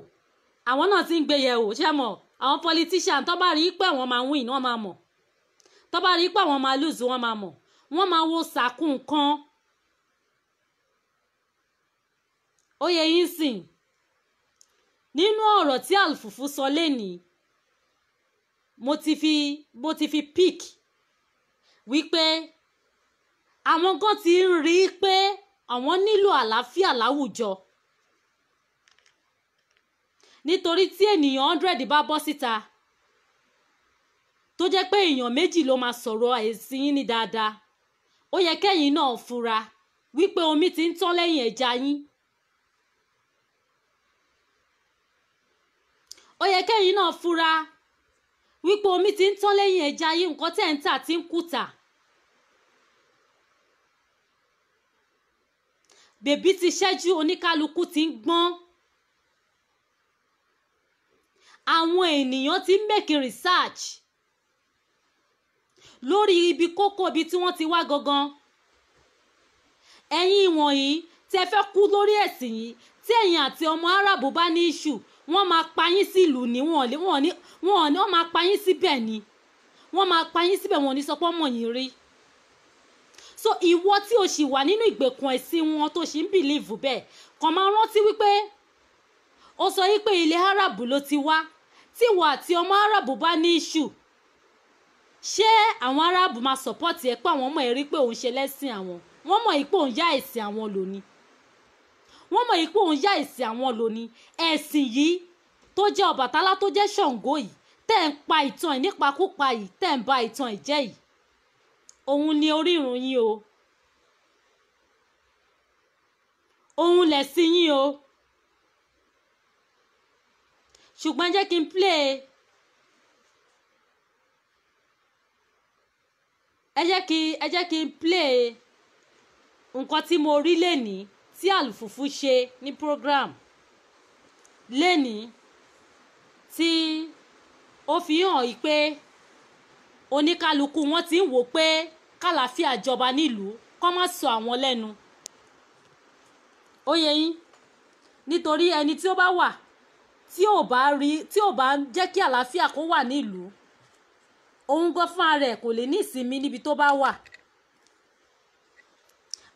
àwọn náà ti ń gbé ṣé mọ̀ àwọn politician tó bá rí i pé àwọn máa win wọ́n máa mọ̀ tó bá rí i pé àwọn máa lose wọ́n máa mọ̀ wọ́n máa wo sàkún nǹkan ó yẹ yín sìn nínú ọ̀rọ̀ tí àlùfùfù sọ lénìí mo ti fi mo ti fi pick wípé àwọn gan ti ń rí i pé àwọn nílò àlàáfíà láwùjọ. La nítorí tí ènìyàn hundred bá bọ́ síta tó jẹ́ pé èèyàn méjì ló máa sọ̀rọ̀ èsì yín ní dáadáa ó yẹ kẹ́yìn náà fura wípé omi ti ń tán lẹ́yìn ẹja yín ó yẹ kẹ́yìn náà fura wípé omi ti ń tán lẹ́yìn ẹja yín nǹkan tẹ̀ ń tà ti ń kùtà. bèbí ti ṣẹ́jú oníkálukú ti ń gbọ́n àwọn ènìyàn ti ń make research lórí ibi kókó ibi tí wọ́n ti wá gangan ẹ̀yin wọ̀nyí tẹ fẹ́ kú lórí ẹ̀sìn yìí tí ẹ̀yin àti ọmọ Árábù bá ní iṣu wọ́n máa pa yín sílùú ni wọ́n ní wọ́n máa pa yín síbẹ̀ ni wọ́n máa pa yín síbẹ̀ wọ́n ní sọ pé ọmọ yìí rí so ìwọ tí o sì wà nínú ìgbèkùn ẹ̀sìn wọn tó sì ń bìlíìfù bẹ́ẹ̀ kàn máa rántí wípé ó sọ yí pé ilẹ̀ Árábù ló ti wá tí wọ́n àti ọmọ Arab bá ní issue ṣé àwọn Arab máa support ẹ pé àwọn ọmọ ẹ rí pé òun ṣe lẹ́sìn àwọn wọ́n mọ̀ yìí pé òun yá ẹ̀sìn àwọn lónìí wọ́n mọ̀ yìí pé òun yá ẹ̀sìn àwọn lónìí ẹ̀sìn yìí tó jẹ́ Ọbàtálá tó jẹ́ Ṣàngó yìí tẹ́ ń pa ìtàn ẹ̀ nípakúpa yìí tẹ́ ń ba ìtàn ẹ̀ jẹ́ yìí òun ni orírun yín o òun lẹ̀sìn yín o ṣùgbọ́n jẹ́ kí n play ẹ jẹ́ kí ẹ jẹ́ kí n play nǹkan tí mo rí lẹ́nìí tí àlùfùfù ṣe ní program lẹ́nìí tí ó fi hàn yìí pé oníkálukú wọn ti ń wò pé kàlàfíà jọba nílùú kọ́ má sọ àwọn lẹ́nu ó yẹ yín nítorí ẹni tí ó bá wà tí ò bá rí tí ò bá jẹ́ kí àlàáfíà kó wà nílùú òun gan fúnra rẹ̀ kò lè ní ìsinmi níbi tó bá wà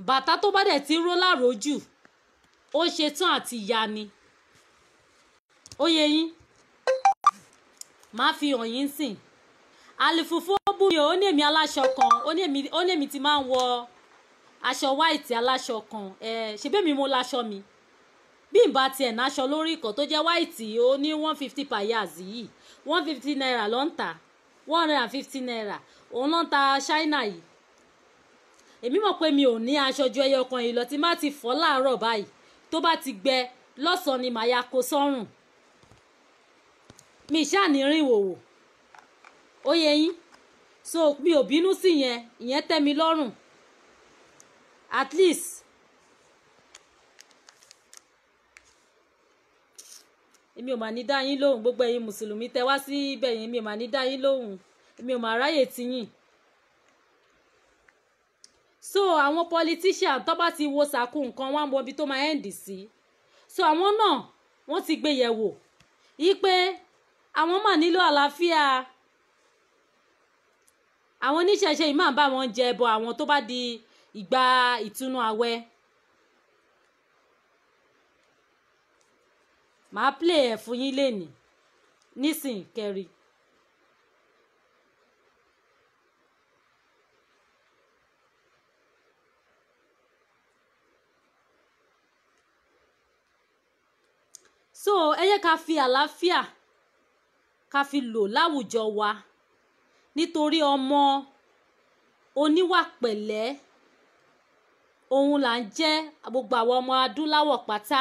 bàtà tó bá dẹ̀ ti ró láròjù ó ṣe tán àti ìyá ni ó yẹ yín máa fi hàn yín sìn àlìfùfù ó bú mi ò ó ní èmi aláṣọ kan ó ní èmi ti máa ń wọ aṣọ white aláṣọ kan ẹ ṣebí èmi mo láṣọ mi bí n bá tiẹ̀ náṣọ lórí ìkọ́ tó jẹ́ wáìtì ó ní one fifty per payas yìí one fifty naira ló ń tà one hundred and fifty naira òun ló ń ta ṣáínà yìí èmi mọ̀ pé mi ò ní aṣọ ju ẹyọ kan yìí lọ tí má ti fọ́ láàárọ̀ báyìí tó bá ti gbẹ lọ́sàn-án ni màá ya kó sọ́rùn mi ṣáà ní rìn wòwò ó yẹ yín so mi ò bínú sí yẹn ìyẹn tẹ́ mi lọ́rùn at least èmi ò mà ní dá yín lóhùn gbogbo ẹ̀yin mùsùlùmí tẹ wá sí ibẹ̀ yẹn èmi ò mà ní dá yín lóhùn èmi ò mà ráyè tiyín. so àwọn politician tó bá ti wo sàkó nǹkan wá ń wọbi tó máa end sí so àwọn náà wọ́n ti gbé yẹ̀wò yí pé àwọn mà nílò àlàáfíà àwọn oníṣẹ̀ṣe yìí máa bá wọn jẹ ẹbọ àwọn tó bá di ìgbà ìtúnú àwẹ̀. màá play ẹ̀ fún yín lénìí nísìnyí kẹrì. so ẹ yẹ ká fi àlàáfíà ká fi lò láwùjọ wa nítorí ọmọ oníwà pẹ̀lẹ́ òun là ń jẹ́ gbogbo àwọn ọmọ adúláwọ̀ pátá.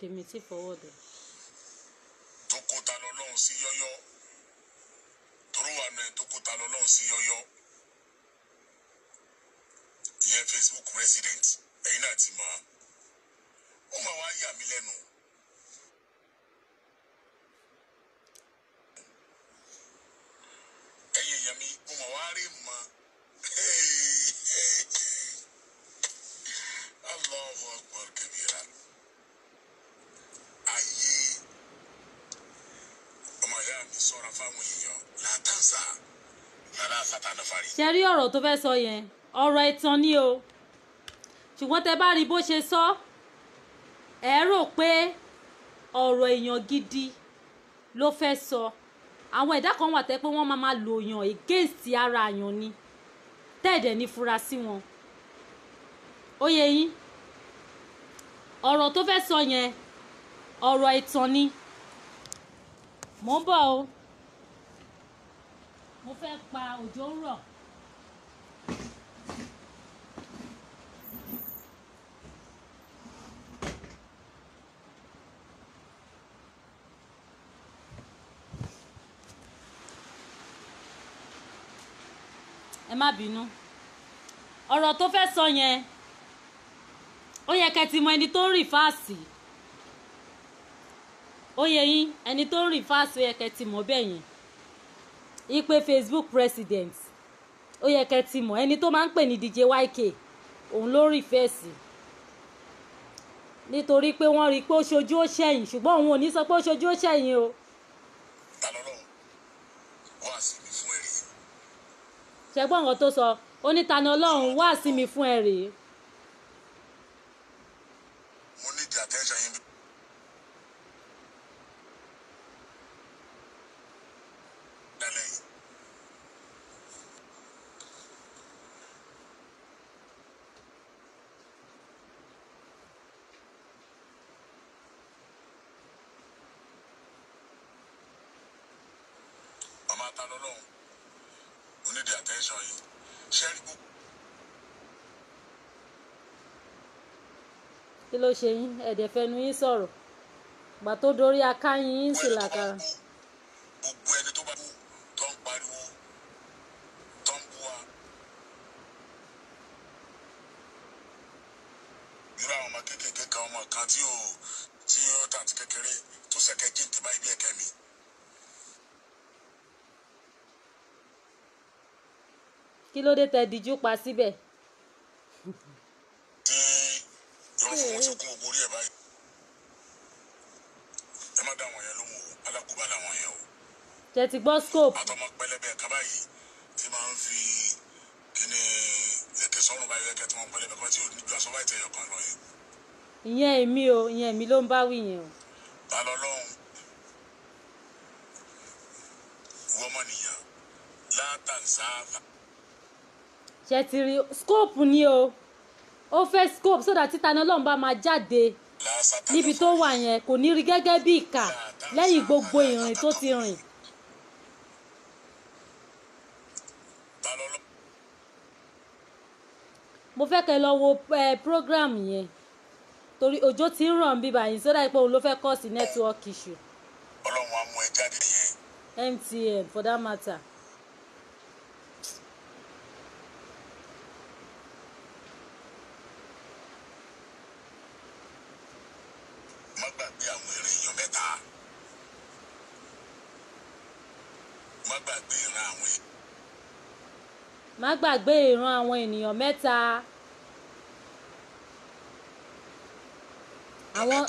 òkè mi ti fọwọ́ dẹ̀. tó kó sí yọ́yọ́ tóró wà mẹ́rin tó kó sí yọ́yọ́ ìyẹn Facebook president ẹ̀yin náà ti mọ̀ ọ́ ó mà wá yà mí lẹ́nu. ṣe rí ọ̀rọ̀ tó fẹ́ sọ yẹn ọ̀rọ̀ ẹ̀tàn ni o ṣùgbọ́n tẹ bá rí bó ṣe sọ ẹ rò pé ọ̀rọ̀ èèyàn gidi ló fẹ́ sọ àwọn ẹ̀dá kan wà tẹ́ pé wọ́n máa lo èèyàn against ara èèyàn ni tẹ́ẹ̀dẹ̀ ní fura sí wọn ó yẹ yín ọ̀rọ̀ tó fẹ́ sọ yẹn ọ̀rọ̀ ẹ̀tàn ni mò ń bọ̀ o mo fẹ́ pa òjò rọ̀. má bínú ọ̀rọ̀ tó fẹ́ sọ yẹn ó yẹ kẹ́ ti mọ ẹni tó ń rìn fáàsì ó yẹ yín ẹni tó ń rìn fáàsì ó yẹ kẹ́ ti mọ̀ bẹ́ẹ̀ yẹn ìpè Facebook president ó yẹ kẹ́ ti mọ̀ ẹni tó máa ń pè ní DJ YK òun ló rìn fẹ́ẹ̀sì nítorí pé wọ́n rí i pé ó ṣojú ó ṣẹ̀yìn ṣùgbọ́n òun ò ní sọ pé ó ṣojú ó ṣẹ̀yìn o. ta lọ́lọ́run wá sí mi fún ẹ̀rí ṣẹgbọ́n nǹkan tó sọ ó ní tani ọlọ́run wá sí mi fún ẹ rèé. mo ní di need the attention yìí ṣẹ́rí gbogbo. kí ló ṣe yín ẹ̀dẹ̀fẹ́nu yín sọ̀rọ̀ gbà tó dorí akáyín yín sì làkàrà. kí ló dé tẹ díjú pa síbẹ̀. tí yọ̀ọ́ gbọ́ scope. àtọmọ pẹlẹbẹ kaba yìí ti máa ń fi kíni lẹ̀kẹ̀ sọ́run báyìí lẹ̀kẹ̀ tí wọ́n pẹlẹbẹ kọ́ tí oníjú aṣọ báyìí tẹ̀yọ̀ kan lọ yẹn. ìyẹn èmi o ìyẹn èmi ló ń bá wí yẹn o. ta lọ́hùn ṣe ti rí scope ni o ó fẹ́ scope sódà títa ni ọlọ́run bá máa jáde níbi tó wà yẹn kò ní rí gẹ́gẹ́ bí ìkà lẹ́yìn gbogbo ìrìn tó ti rìn. mo fẹ́ kẹ́ lọ wo program yẹn torí òjò ti ń ràn bíbá yìí sódà pé òun ló fẹ́ kọ́ sí network issue. ọlọ́run á mú ẹ jáde yẹn. MTN for that matter. má gbàgbé ìran àwọn ènìyàn. má gbàgbé ìran àwọn ènìyàn mẹ́ta. àwọn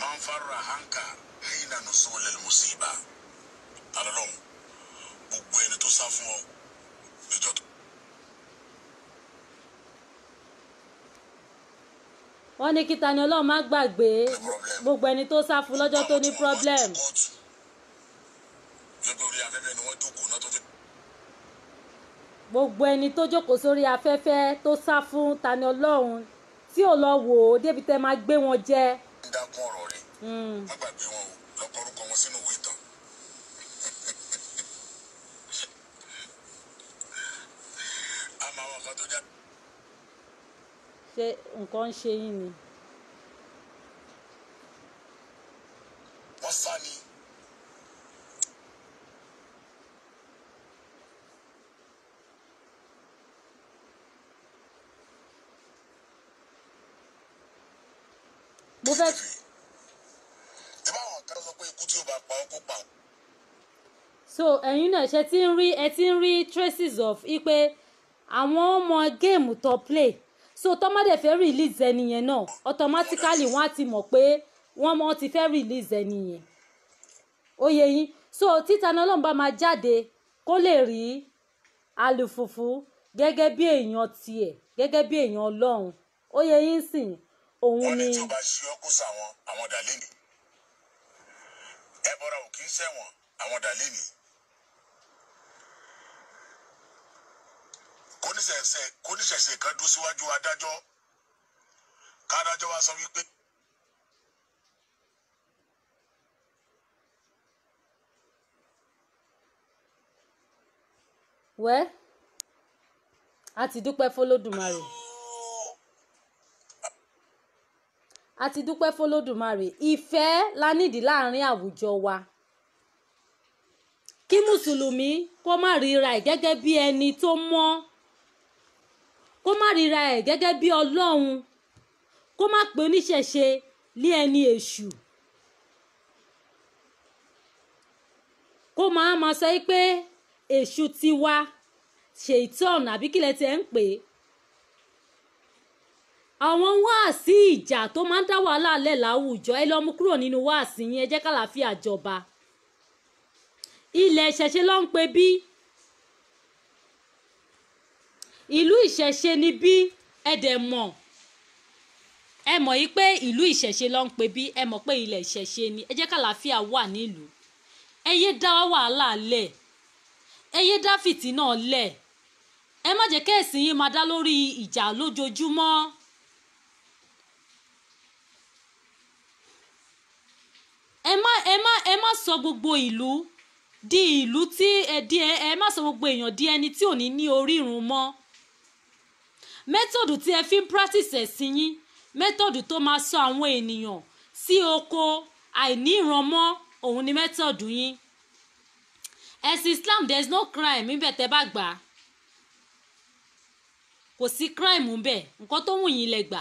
man farra hanka hina nusul al-musiba gbogbo ẹni tó sá fún ọ níjọ́ tó. wọ́n ní kí Tani Olohun má gbàgbé gbogbo ẹni tó sá fún lọ́jọ́ tó ní problem. gbogbo ẹni tó jókòó sórí afẹ́fẹ́ tó sá fún Tani Olohun tí ò lọ wò ó débi tẹ́ máa gbé wọn jẹ. dákun ọ̀rọ̀ o lọ ṣé nǹkan ṣe yín ni. wọ́n sá ni. mo fẹ́. so ẹ̀yin náà ṣe ti ń rí ẹ ti ń rí traces of ipe àwọn ọmọ géèmù tó play so tọ́mọ́dé fẹ́ release ẹni yẹn náà automatically wọ́n á ti mọ̀ pé wọ́n mọ́ ti fẹ́ release ẹni yẹn ó yẹ yín so títa náà lọ́nba máa jáde kó lè rí alùfùfù gẹ́gẹ́ bí èèyàn tiẹ̀ gẹ́gẹ́ bí èèyàn ọlọ́run ó yín sìn òun ni. wọ́n ní ìjọba ṣe ọ́ àwọn dàlẹ́ ni ẹ bọ́ra ò sẹ́wọ̀n àwọn dàlẹ́ ni. oníṣẹ̀ṣẹ̀ kóníṣẹ̀ṣẹ̀ kan dúró síwájú adájọ́ kádájọ́ wa sọ wípé. wẹ́ a ti dúpẹ́ fọlọ́dùmarè a ti dúpẹ́ fọlọ́dùmarè ìfẹ́ la nídìí láàrin àwùjọ wa kí mùsùlùmí kó má ríra ẹ̀ gẹ́gẹ́ bí ẹni tó mọ́ kó má ríra ẹ̀ gẹ́gẹ́ bí ọlọ́run kó má pe oníṣẹ̀ṣe lé ẹni èṣù kó máa ma sọ pé èṣù ti wá ṣe ìtọ́nà àbí kílẹ̀ tiẹ̀ ń pè é àwọn wáàsí ìjà tó máa ń dá wàhálà lẹ̀ láwùjọ ẹ lọ mú kúrò nínú wáàsí yẹn ẹ jẹ́ kálàáfíà jọba ilẹ̀ ṣẹ̀ṣẹ̀ ló ń pe bí ìlú ìṣẹ̀ṣe ni bí ẹ dẹ̀ mọ̀ ẹ mọ̀ yí pé ìlú ìṣẹ̀ṣe ló ń pe bí ẹ mọ̀ pé ilẹ̀ ìṣẹ̀ṣe ni ẹ jẹ́ kàlàáfíà wà nílùú ẹ yé dá wàhálà lẹ̀ ẹ yé dá fìtínà lẹ̀ ẹ má jẹ́ kẹ́ẹ̀sì yín máa dá lórí ìjà lójoojúmọ́. ẹ má ẹ má ẹ má sọ gbogbo ìlú di ìlú tí ẹ di ẹ má sọ gbogbo èèyàn di ẹni tí ò ní ní orírun mọ́ mẹ́tọ̀dù tí ẹ fi ń practice ẹ̀sìn yín mẹ́tọ̀dù tó máa sọ àwọn ènìyàn sí oko àìní ìrànmọ́ òun ni mẹ́tọ̀dù yín ẹ̀sìn Islam there is no crime níbẹ̀ tẹ́ bá gbà á kò sí crime níbẹ̀ nǹkan tó wù yín lẹ gbà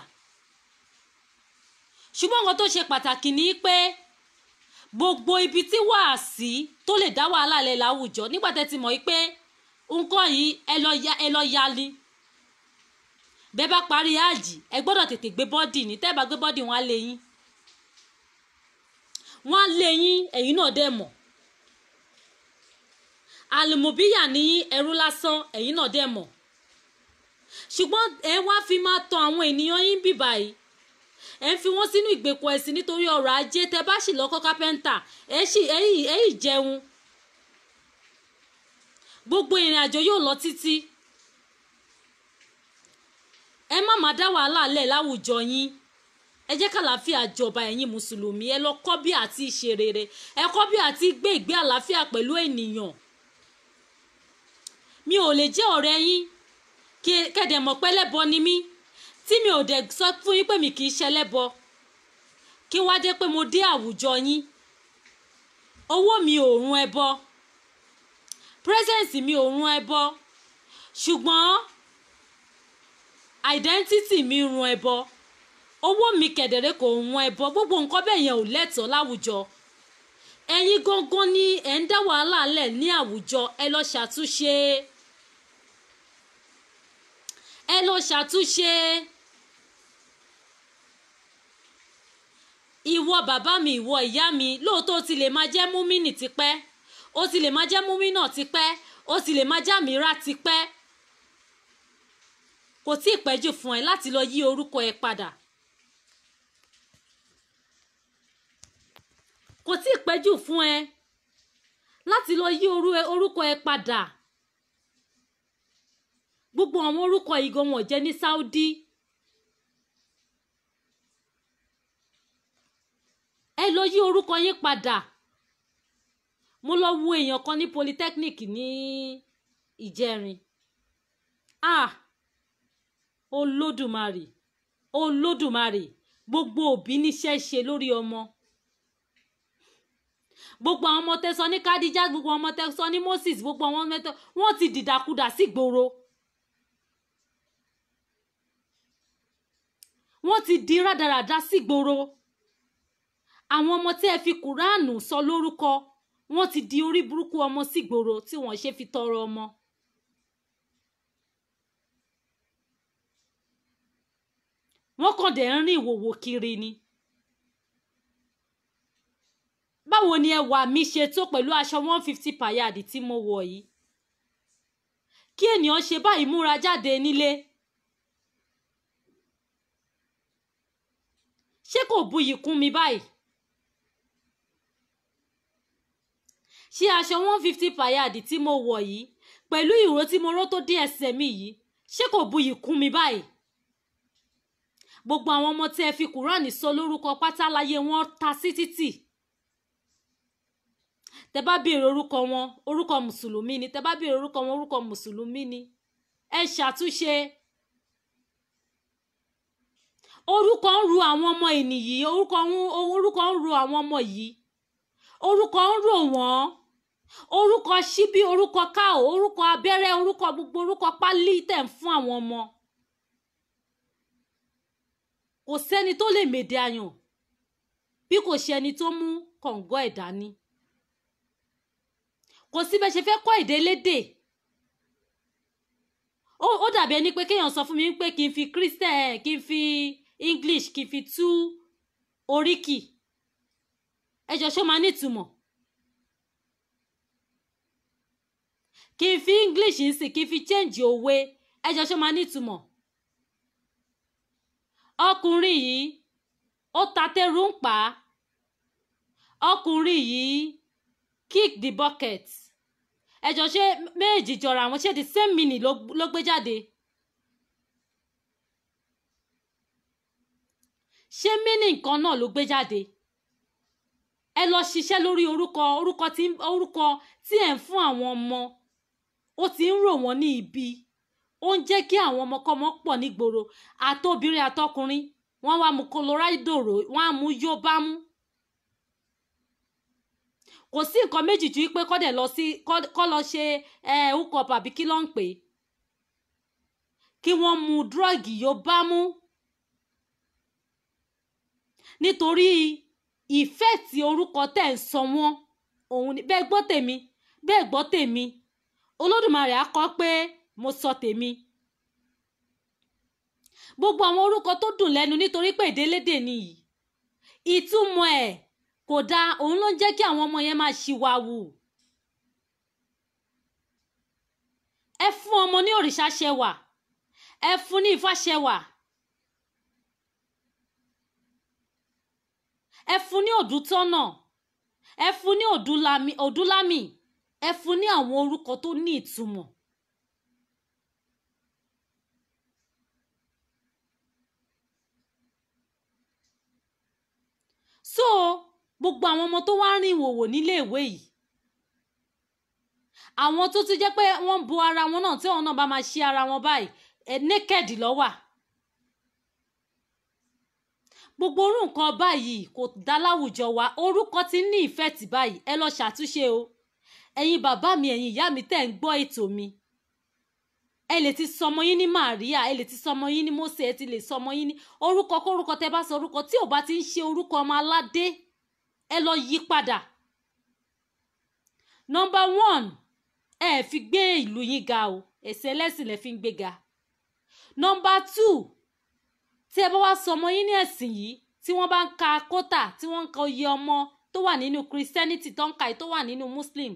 ṣùgbọ́n nǹkan tó ṣe pàtàkì ni pé gbogbo ibi tí wàásì tó lè dá wàhálà lẹ láwùjọ nígbà tẹ́ ti mọ̀ pé nǹkan yìí ẹ lọ ya ni bẹ́ẹ̀ bá parí áàjì ẹ gbọ́dọ̀ tètè gbé bọ́dì ní tẹ́ẹ̀ bá gbé bọ́dì wọn á lé yín wọn á lé yín ẹ̀yin náà dẹ̀ mọ̀ àlùmọ̀bíyà ní ẹrú lásán ẹ̀yin náà dẹ̀ mọ̀ ṣùgbọ́n ẹ wá fi máa tan àwọn ènìyàn yín bì báyìí ẹ ń fi wọ́n sínú ìgbèkùn ẹ̀sìn nítorí ọrọ̀ ajé tẹ bá sì lọ́kọ́ kápẹ́ńtà ẹ yìí jẹun gbogbo ìrìn àjò yóò lọ títí ẹ má má dá wàhálà lẹ̀ láwùjọ yín ẹ jẹ́ kàlàáfíà jọba ẹ̀yin mùsùlùmí ẹ lọ kọ́ bí àti ṣe rere ẹ kọ́ bí àti gbé ìgbé àlàáfíà pẹ̀lú ènìyàn mi ò lè jẹ́ ọ̀rẹ́ yín kẹ̀dẹ̀ mọ̀ pé lẹ́bọ ni mí tí mi ò dẹ̀ sọ fún yín pé mi kì í ṣe lẹ́bọ kí wá dé pé mo dé àwùjọ yín owó mi ò run ẹbọ presence mi ò run ẹbọ ṣùgbọ́n identity mi run ẹbọ owó mi kẹ̀dẹ̀rẹ́ kò run ẹbọ gbogbo nǹkan bẹ́ẹ̀ yẹn ò lẹ́tọ̀ọ́ láwùjọ ẹ̀yin gangan ni ẹ̀ ń dá wàhálà lẹ̀ ní àwùjọ ẹ lọ ṣàtúnṣe ẹ lọ ṣàtúnṣe ìwọ bàbá mi ìwọ ìyá mi lóòótọ́ o ti lè máa jẹ́ múmínì tipẹ́ o ti lè máa jẹ́ múmínà tipẹ́ o ti lè máa jẹ́ àmírà tipẹ́ kò tí ì pẹ́jù fún ẹ láti lọ yí orúkọ ẹ padà kò tí ì pẹ́jù fún ẹ láti lọ yí orúkọ ẹ padà gbogbo àwọn orúkọ ìgò wọn jẹ́ ní Saudi ẹ lọ yí orúkọ yín padà mo lọ wo èèyàn kan ní polytechnic ní ìjẹrin ah olódùmarè olódùmarè gbogbo òbí níṣẹ́ ṣe lórí ọmọ gbogbo àwọn ọmọ tẹsán ní kadija gbogbo ọmọ tẹsán ní moses gbogbo àwọn mẹtọ wọ́n ti dìdàkudà sí gbòòrò wọ́n ti di rádaràda sí gbòòrò àwọn ọmọ tí ẹ fi kùránù sọ lórúkọ wọ́n ti di orí burúkú ọmọ sí gbòòrò tí wọ́n ṣe fi tọrọ ọmọ. wọ́n kàn dẹ̀ ń rìn ìwòwò kiri ni. báwo ni ẹwà mi ṣe tó pẹ̀lú aṣọ one fifty payadi tí mo wọ̀ yìí kí ènìyàn ṣe báyìí múra jáde nílé ṣé kò buyì kún mi báyìí ṣé aṣọ one fifty payadi tí mo wọ̀ yìí pẹ̀lú ìró tí mo ró tó dé ẹsẹ̀ mi yìí ṣé kò buyì kún mi báyìí gbogbo àwọn ọmọ tẹ́ ẹ fi kùránì sọ lórúkọ pátá láyé wọn ta sí títì tẹ́ bá béèrè orúkọ wọn orúkọ mùsùlùmí ni tẹ́ bá béèrè orúkọ wọn orúkọ mùsùlùmí ni ẹ ṣàtúnṣe orúkọ ń ru àwọn ọmọ ènìyí orúkọ ń orúkọ ń ru àwọn ọmọ yìí orúkọ ń rò wọ́n orúkọ ṣíbí orúkọ káò orúkọ abẹ́rẹ́ orúkọ gbogbo orúkọ pálí tẹ̀ ń fún àwọn ọmọ kò sẹ́ni tó lè mèdè ayàn bí kò ṣe ẹni tó mú kọ̀ǹgọ́ ẹ̀ dání kò sí bẹ́ẹ̀ ṣe fẹ́ kọ́ èdè lédè ó dàbí ẹni pé kéèyàn sọ fún mi pé kí n fi christian eh, kí n fi english kí n fi tú oríkì ẹjọ ṣó máa nítumọ̀ kí n fi english ń sìn kí n fi change òwe ẹjọ ṣó máa nítumọ̀ ọkùnrin yìí ó ta tẹ́rù ń pa ọkùnrin yìí kick the bucket ẹ jọ ṣé méjì jọra wọn ṣé the same meaning ló gbé jáde ṣé meaning kan náà ló gbé jáde ẹ lọ ṣiṣẹ́ lórí orúkọ orúkọ tí orúkọ tí ẹ̀ ń fún àwọn ọmọ ó ti ń rò wọ́n ní ibi ó ń jẹ́ kí àwọn ọmọkọ́mọ pọ̀ nígboro àtobìnrin àtọkùnrin wọ́n wá mu colorado rò wọ́n á mu yóbá mú. kò sí nǹkan méjì ju pé kọ́ dẹ̀ lọ sí kọ́ lọ ṣe hookup àbí kí ló ń pè é kí wọ́n mu dírọ́ọ̀gì yóbá mú nítorí ìfẹ́ tí orúkọ tẹ̀ ń sọ wọ́n òun ni bẹ́ẹ̀ gbọ́ tèmi bẹ́ẹ̀ gbọ́ tèmi Olódùmarè á kọ́ pé mo sọ tèmi gbogbo àwọn orúkọ tó dùn lẹ́nu nítorí pé ìdélédè nìyí ìtumọ̀ ẹ̀ kò dáa òun ló ń jẹ́ kí àwọn ọmọ yẹn máa ṣìwàwù ẹ fún ọmọ ní òrìṣà ṣẹwà ẹ fún ní ifá ṣẹwà ẹ fún ní òdútọ́nà ẹ fún ní òdúlámì ẹ fún ní àwọn orúkọ tó ní ìtumọ̀. so gbogbo àwọn ọmọ tó wá rìn wòwò níléèwé yìí àwọn tó ti jẹ́ pé wọ́n bo ara wọn náà tí wọn náà bá máa ṣe ara wọn báyìí ẹ̀ naked lọ́wà gbogbo orú nǹkan báyìí kò dá láwùjọ wa orúkọ ti ní ìfẹ́ tì báyìí ẹ lọ ṣàtúnṣe o ẹ̀yin bàbá mi ẹ̀yin ìyá mi tẹ̀ ń gbọ́ ètò mi ẹ lè ti sọmọ yín ní Maria ẹ lè ti sọmọ yín ní Mose ẹ ti lè sọmọ yín ní orúkọ kórúkọ tẹ bá sọ orúkọ tí ò bá ti ń ṣe orúkọ ọmọ aládé ẹ lọ yí padà number one ẹ eh, fi gbé ìlú yín ga o ẹ̀sìn ẹlẹ́sìn lẹ fi ń gbé ga number two tí ẹ bá wá sọmọ yín ní ẹ̀sìn yìí tí wọ́n bá ń ka kótà tí wọ́n ń ka oyè ọmọ tó wà nínú Christianity tó ń ka tó wà nínú Muslim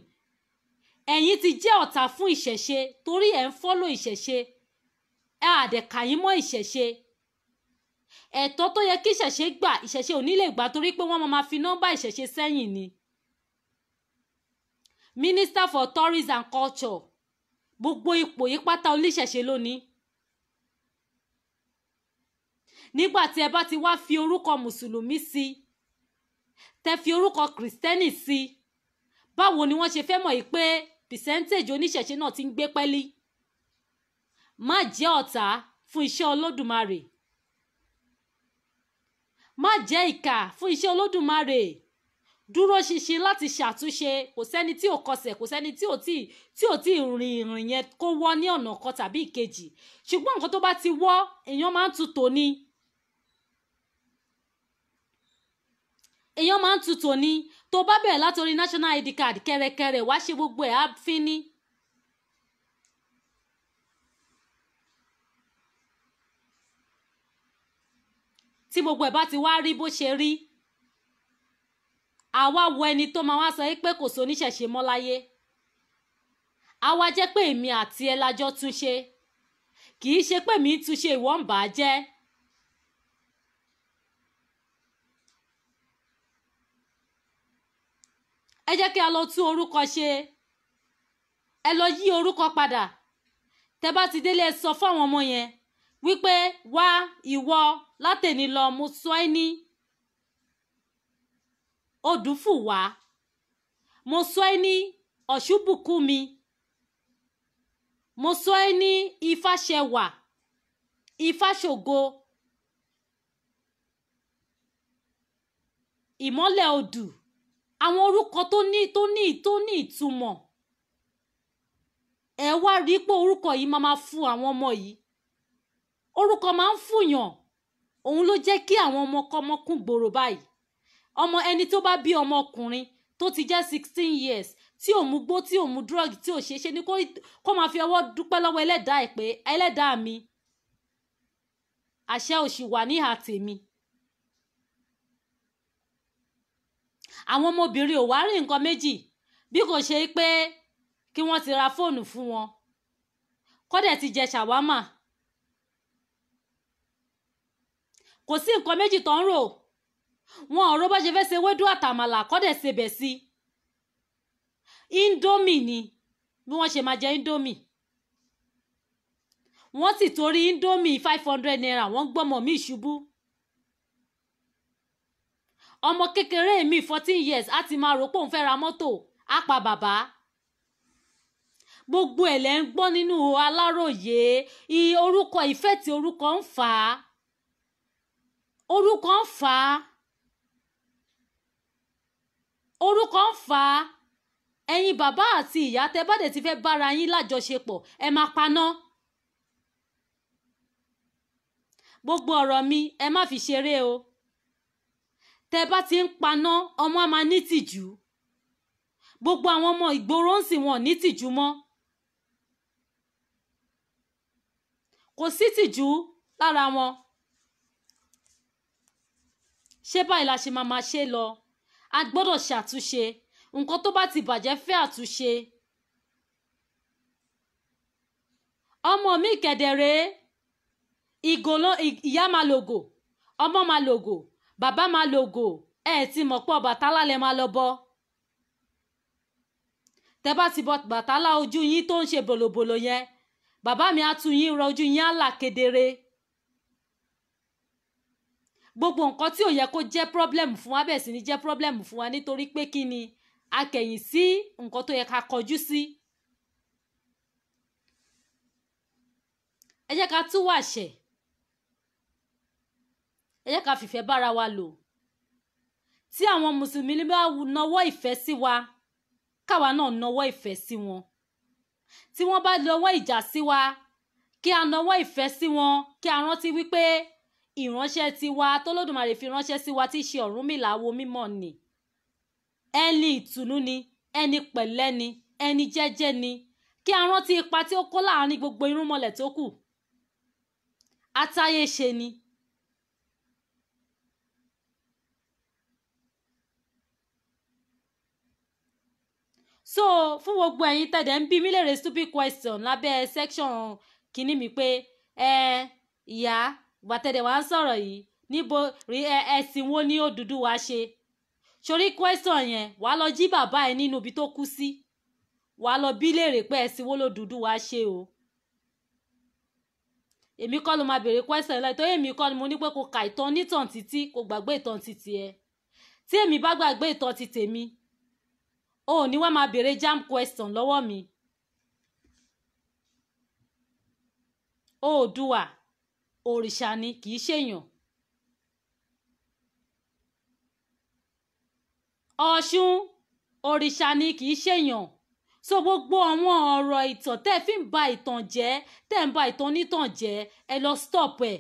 ẹ̀yin ti jẹ́ ọ̀tá fún ìṣẹ̀ṣe torí ẹ̀ ń fọ́lò ìṣẹ̀ṣe ẹ àdẹ̀kà yín mọ́ ìṣẹ̀ṣe ẹ̀tọ́ tó yẹ kí ìṣẹ̀ṣe gbà ìṣẹ̀ṣe ò ní lè gbà torí pé wọ́n máa fi nọ́mbà ìṣẹ̀ṣe sẹ́yìn ni Minister for Tourism and Culture gbogbo ipò yìí pátá oníṣẹ̀ṣe lónìí nígbà tí ẹ bá ti wá fi orúkọ mùsùlùmí sí tẹ fi orúkọ kìrìsìtẹ́nì sí báwo ni wọ́n ṣe fẹ́ mọ̀ yìí pé percentage oníṣẹ̀ṣe náà ti ń gbé pẹ́lí má jẹ́ ọ̀tá fún iṣẹ́ olódùmarè má jẹ́ ìkà fún iṣẹ́ olódùmarè dúró ṣinṣin láti ṣàtúnṣe kò sẹ́ni tí ò kọsẹ̀ kò sẹ́ni tí ò tí tí ò tí rìn ìrìn yẹn kó wọ́ ní ọ̀nà kan tàbí ìkejì ṣùgbọ́n nǹkan tó bá ti wọ́ èèyàn máa ń tutò ni. èèyàn máa ń tutù ni tó bá bẹ̀rẹ̀ látòrí national id card kẹrẹkẹrẹ wá ṣe gbogbo ẹ̀ á fín ní. tí gbogbo ẹ̀ bá ti wá rí bó ṣe rí àwa wo ẹni tó máa wá sọ pé kò sóníṣẹ̀ṣe mọ́ láyé àwa jẹ́ pé èmi àti ẹ lájọ́ túnṣe kì í ṣe pé mi túnṣe ìwọ ń jẹ́ ẹ jẹ́ kí a lọ tún orúkọ ṣe ẹ lọ yí orúkọ padà tẹ bá ti délé sọ fún àwọn ọmọ yẹn wípé wá ìwọ látẹ̀ni lọ mo sọ ẹ́ ní odùfùwà mo sọ ẹ́ ní ọ̀ṣùbùkúmi mo sọ ẹ́ ní ifáṣẹwà ifáṣògo ìmọ́lẹ̀ odù àwọn orúkọ tó ní tó ní tó ní ìtumọ̀ ẹ wá rí pé orúkọ yìí máa máa fún àwọn ọmọ yìí orúkọ máa ń fúyàn òun ló jẹ́ kí àwọn ọmọ kọ́mọ kún gbòòrò báyìí ọmọ ẹni tó bá bí ọmọkùnrin tó ti jẹ́ sixteen years tí ò mú gbó tí ò mú drug tí ò ṣe ṣe ni kó máa fi ọwọ́ dúpẹ́ lọ́wọ́ ẹlẹ́dàá ẹ̀ pé ẹlẹ́dàá mi àṣẹ òṣì wà níhà tèmi àwọn ọmọbìnrin ò wá rí nǹkan méjì bí kò ṣe pé kí wọ́n ti ra fóònù fún wọn kọ́dẹ̀ ti jẹ ṣàwámà kò sí nǹkan méjì tó ń rò wọn ò rò bá ṣe fẹ́ ṣe wédú àtàmàlà kọ́dẹ̀ ṣe bẹ̀ sí índómì ni bí wọ́n ṣe máa jẹ índómì wọ́n sì torí índómì five hundred naira wọ́n gbọ́mọ̀ mí ṣubú ọmọ kékeré mi fourteen years á ti máa rò pé òun fẹ́ ra mọ́tò á pa bàbá gbogbo ẹ̀ lẹ́ ń gbọ́ nínú aláròyé orúkọ ìfẹ́ tí orúkọ ń fà á orúkọ ń fà á orúkọ ń fà á ẹ̀yin bàbá àti ìyá tẹ bá dẹ̀ ti fẹ́ bára yín lájọṣepọ̀ ẹ máa paná. gbogbo ọ̀rọ̀ mi ẹ má fi ṣeré o tẹ́ bá ti ń paná ọmọ á máa ní tìjú gbogbo àwọn ọmọ ìgboro ń sìn wọn ní tìjú mọ́ kò sí tìjú lára wọn ṣé báyìí la ṣe máa máa ṣe lọ a gbọ́dọ̀ ṣàtúnṣe nǹkan tó bá ti bàjẹ́ fẹ́ àtúnṣe ọmọ mi kẹ̀dẹ̀ rèé ìyá máa lògò ọmọ máa lògò bàbá máa lògò ẹ ti mọ̀ pé Ọbàtálá lẹ máa lọ bọ tẹ bá ti bọ Ọbàtálá ojú yín tó ń ṣe bòlòbòlò yẹn bàbá mi á tu yín rọ ojú yín á là kedere gbogbo nǹkan tí ò yẹ kó jẹ́ problem fún wa bẹ́ẹ̀ sì ni jẹ́ problem fún wa nítorí pé kí ni a kẹ̀yìn sí nǹkan tó yẹ ká kọjú sí. ẹ jẹ́ ká tún wàṣẹ̀ ẹ jẹ́ ká fìfẹ́ bára wa lò tí àwọn mùsùlùmí bá nawọ́ ìfẹ́ sí wa káwa náà nawọ́ ìfẹ́ sí wọn tí wọ́n bá nawọ́ ìjà sí wa kí a nawọ́ ìfẹ́ sí wọn kí a rántí wípé ìránṣẹ́ tiwa tólódùmarè fi ránṣẹ́ sí wa tí í ṣe Ọ̀rúnmìlà awo mímọ́ ni ẹni ìtùnú ni ẹni pẹ̀lẹ́ ni ẹni jẹ́jẹ́ ni kí a rántí ipa tí ó kó láàrin gbogbo irúnmọlẹ̀ tó kù àtayé ṣe ni so fún gbogbo ẹ̀yin tẹ̀dẹ̀ ń bí mi léèrè stupid question lábẹ́ section kìíní mi pé ẹ ìyá gbàtẹ̀dẹ̀ wá ń sọ̀rọ̀ yìí níbo ẹ̀sìn wo ni Odùduwà ṣe sórí question yẹn wà á lọ jí bàbá ẹ nínú ibi tó kú sí wà á lọ bí léèrè pé ẹ̀sìn wo l'Odùduwà ṣe o èmi kọ́ ló máa béèrè question lọ́yìn tó yẹ èmi kọ́ ni mo ní pé kò kà ìtàn onítàn títí kò gbàgbé ìtàn títì ẹ tí èmi bá gbàgbé ìtàn ti o ní wá máa béèrè jam question lọ́wọ́ mi oòdùà òrìṣà ni kì í ṣèyàn ọ̀ṣun òrìṣà ni kì í ṣèyàn so gbogbo àwọn ọ̀rọ̀ ìtàn tẹ́ ẹ fi ń ba ìtàn jẹ́ tẹ́ ẹ ń ba ìtàn onítàn jẹ́ ẹ lọ stop ẹ̀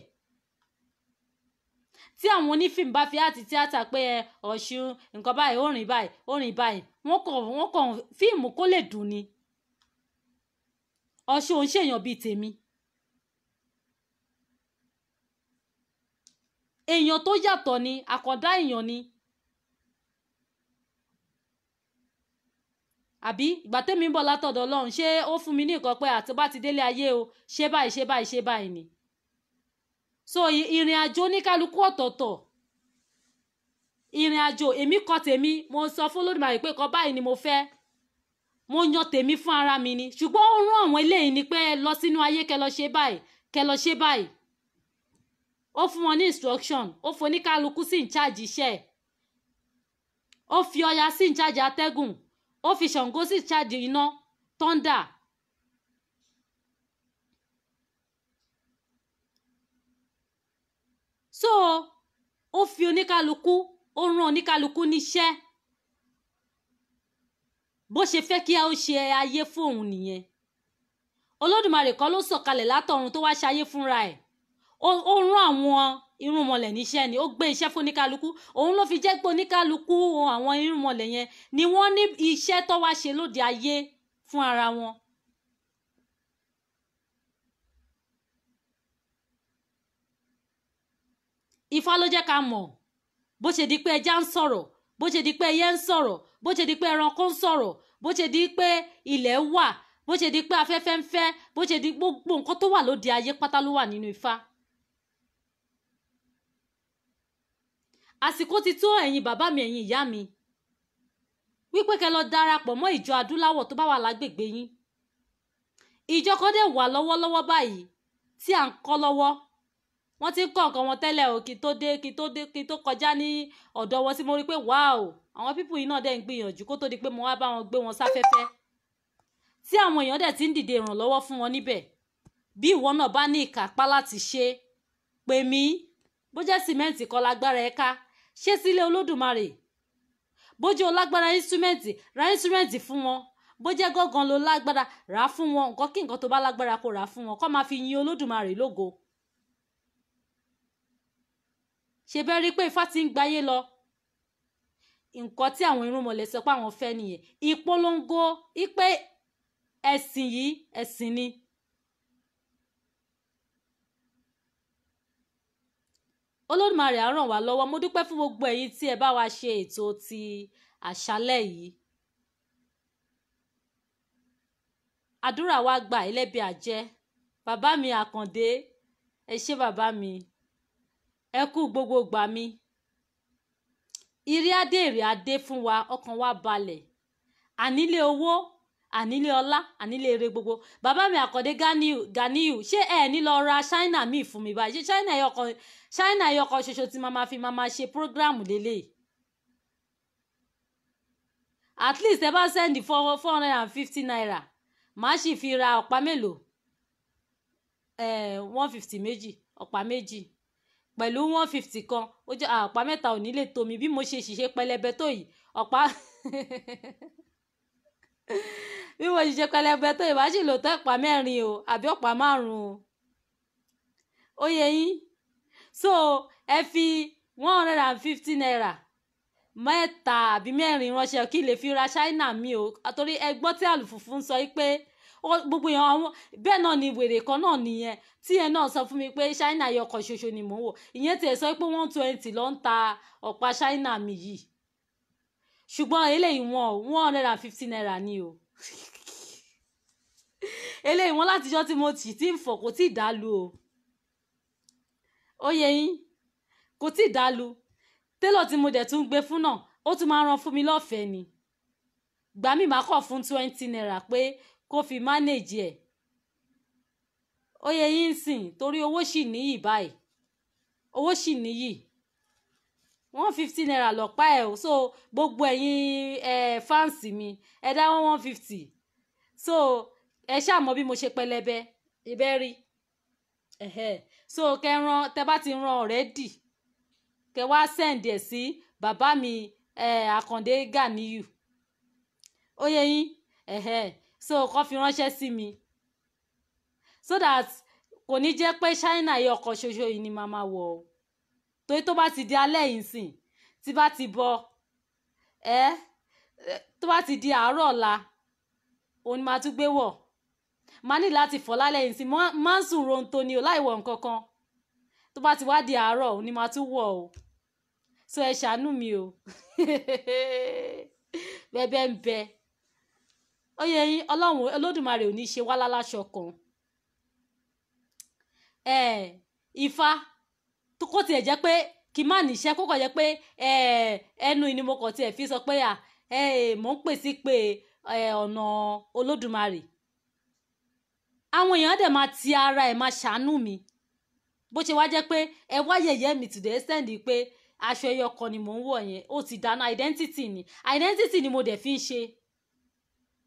tí àwọn onífìmù bá fi àti tíátà pé ẹ ọ̀ṣun nǹkan báyìí ó rìn báyìí ó rìn báyìí wọ́n kàn wọ́n kàn fíìmù kó lè dùn ni ọṣun ń ṣèyàn bíi tèmi èèyàn tó yàtọ̀ ni àkàndá èèyàn ni àbí ìgbà tẹ́mi ń bọ̀ látọ̀dọ̀ ọlọ́run ṣé ó fún mi ní nǹkan pé àti bá ti délé ayé o ṣé báyìí ṣé báyìí ṣé báyìí ni so ìrìn àjò oníkálukú ọ̀tọ̀ọ̀tọ̀ ìrìn àjò èmi kọ tèmi mo sọ fún Olódùmarè pé kọ báyìí ni mo fẹ́ mo yan tèmi fún ara mi ni ṣùgbọ́n ó rán àwọn eléyìí ni pé lọ sínú ayé kẹ lọ ṣe báyìí kẹ lọ ṣe báyìí ó fún wọn ní instruction ó fún oníkálukú sí in charge iṣẹ́ ó fi Ọya sí in charge atẹ́gùn ó fi Ṣàngó sí in charge iná thunder so ó fi oníkálukú ó rán oníkálukú níṣẹ́ bó ṣe fẹ́ kí a ó ṣe ayé fóun nìyẹn olódùmarè kan ló sọ̀kalẹ̀ látọ̀run tó wá ṣayé fúnra ẹ̀ ó rán àwọn irúnmọlẹ̀ níṣẹ́ ni ó gbé iṣẹ́ fún oníkálukú òun ló fi jẹ́ pé oníkálukú àwọn irúnmọlẹ̀ yẹn ni wọ́n ní iṣẹ́ tó wá ṣe lóde ayé fún ara wọn. Ifá ló jẹ́ ká mọ̀ bó ṣe di pé ẹja ń sọ̀rọ̀ bó ṣe di pé ẹyẹ ń sọ̀rọ̀ bó ṣe di pé ẹranko ń sọ̀rọ̀ bó ṣe di pé ilẹ̀ wà bó ṣe di pé afẹ́fẹ́ ń fẹ́ bó ṣe di gbogbo nǹkan tó wà lóde ayé pátá ló wà nínú ifá. àsìkò ti tó ẹ̀yin bàbá mi ẹ̀yin ìyá mi wípé kẹ́ lọ darapọ̀ mọ́ ìjọ adúláwọ̀ tó bá wà lágbègbè yín ìjọ kan dẹ̀ wà lọ́wọ́lọ́wọ́ báyìí tí à ń kọ́ lọ́wọ́ wọ́n ti ń kọ́ wọn tẹ́lẹ̀ o kí tó dé kí tó dé kí tó kọjá ní ọ̀dọ̀ wọn tí mo rí pé wáò àwọn pípù yìí náà dẹ̀ ń gbìyànjú kó tó di pé mo wá bá wọn gbé wọn sáfẹ́fẹ́ tí àwọn èèyàn dẹ̀ ti ń dìde ìrànlọ́wọ́ fún wọn níbẹ̀ bí ìwọ náà bá ní ìkápá láti ṣe pè mí bó jẹ́ sìmẹ́ǹtì kọ́ lágbára ẹ ká ṣe sílé olódùmarè bó o olágbára ínsúmẹ́ǹtì ra ínsúmẹ́ǹtì fún wọn bó jẹ́ gángan lo lágbára rà á fún wọn nǹkan kí nǹkan tó bá lágbára kó rà fún wọn kó máa fi yin olódùmarè lógo ṣe bẹ́ẹ̀ rí i pé ifá ti ń gbayé lọ nǹkan tí àwọn irúnmọlẹ̀ sọ pé àwọn fẹ́ nìyẹn ìpolongo ipe ẹ̀sìn yìí ẹ̀sìn ni. olódùmarè á ràn wá lọ́wọ́ mo dúpẹ́ fún gbogbo ẹ̀yin tí ẹ bá wa ṣe ètò ti àṣálẹ́ yìí. àdúrà wa gba ẹlẹ́bi àjẹ́ bàbá mi àkàndé ẹ ṣé bàbá mi ẹ kú gbogbo gbà mí ire adé èrè adé fún wa ọkàn wa balẹ̀ ànílé owó ànílé ọlá ànílé èrè gbogbo bàbá mi àkàndé ganiu ganiu ṣé ẹ ní lọ ra ṣáínà míì fún mi báyìí ṣé ṣáínà ẹyọkọ ṣáínà ẹyọkọ ṣoṣo tí màmá fi màmá ṣe prógráàmù lélẹ̀ at least ẹ bá sẹ́ndì four hundred and fifty naira màá sì fi ra ọ̀pá mélòó eh, one fifty méjì ọ̀pá méjì pẹ̀lú one fifty kan ó jẹ́ ọ̀pá mẹ́ta ò ní lè tó mi bí mo ṣe ṣiṣẹ́ pẹlẹbẹ tó yìí ọ̀pá bí mo ṣiṣẹ́ pẹlẹbẹ tó yìí wá sì lò tó ọ̀pá mẹ́rin o àbí ọ̀pá márùn-ún o ó yẹ yín so ẹ fi one hundred and fifty naira mẹ́ta àbí mẹ́rin ránṣẹ́ kí lè fi ra ṣáínà mi o torí ẹ gbọ́ tí àlùfùfù ń sọ yìí pé gbogbo èèyàn àwọn bẹ́ẹ̀ náà ni wèrè kan náà nìyẹn tí ẹ náà sọ fún mi pé ṣáínà yọ ọkọ̀ ṣoṣo ni mò ń wò ìyẹn tiẹ̀ sọ pé one twenty ló ń ta ọ̀pá ṣáínà mi yìí ṣùgbọ́n eléyìí wọn one hundred and fifty naira ni o eléyìí wọn látijọ́ tí mo tì tí ń fọ̀ kò tí ì dálu o ó yẹ yín kò tí ì dálu télọ̀ tí mo dẹ̀ tún gbé fún náà ó tún máa ran fún mi lọ́fẹ̀ẹ́ ni gbà mí máa kọ̀ fún twenty naira pé kó fi manage ẹ̀ ó yẹ yín sìn torí owó sì níyì báyìí owó sì níyì one fifty naira lọ́pá ẹ̀ so gbogbo ẹ̀yin ẹ̀ fáǹsì mi ẹ̀ dá one one fifty so ẹ ṣáà mọ bí mo ṣe pẹlẹbẹ ibẹ rí so kẹ ran tẹ bá ti ran already kẹ wá send ẹ sí bàbá mi Àkàndé Ganiyu ó yẹ yín so kọ́ fi ránṣẹ́ sí mi so that kò ní jẹ́ pé China yìí ọkọ̀ ṣoṣo yìí ni màá máa wọ̀ o torí tó bá ti di alẹ́ yìí sìn tí bá ti bọ̀ ẹ́ tó bá ti di àárọ̀ ọ̀la òun máa tún gbé wọ̀ máa ní láti fọ̀ lálẹ́ yìí sìn máa ń sùn ronto ni o láì wọ̀ nǹkan kan tó bá ti wá di àárọ̀ òun ni màá tún wọ̀ o so ẹ ṣàánú mi o bẹ́ẹ̀ bẹ́ẹ̀ ń bẹ́ẹ̀ ó yẹ yín ọlọ́run olódùmarè ò ní ṣe wá láláṣọ kan ifá kó tiẹ̀ jẹ́ pé kì í má níṣẹ́ kó kàn jẹ́ pé ẹnu ìnimọ̀kàn tiẹ̀ fi sọ pé à mò ń pèsè pé ọ̀nà olódùmarè àwọn èèyàn dẹ̀ máa ti ara ẹ̀ máa ṣàánú mi bó ṣe wá jẹ́ pé ẹ wá yẹ̀yẹ́ mi to the extent pé aṣọ ẹyọ kan ni mò ń wọ̀ yẹn ó ti dáná identity ni identity ni mo dẹ̀ fi ń ṣe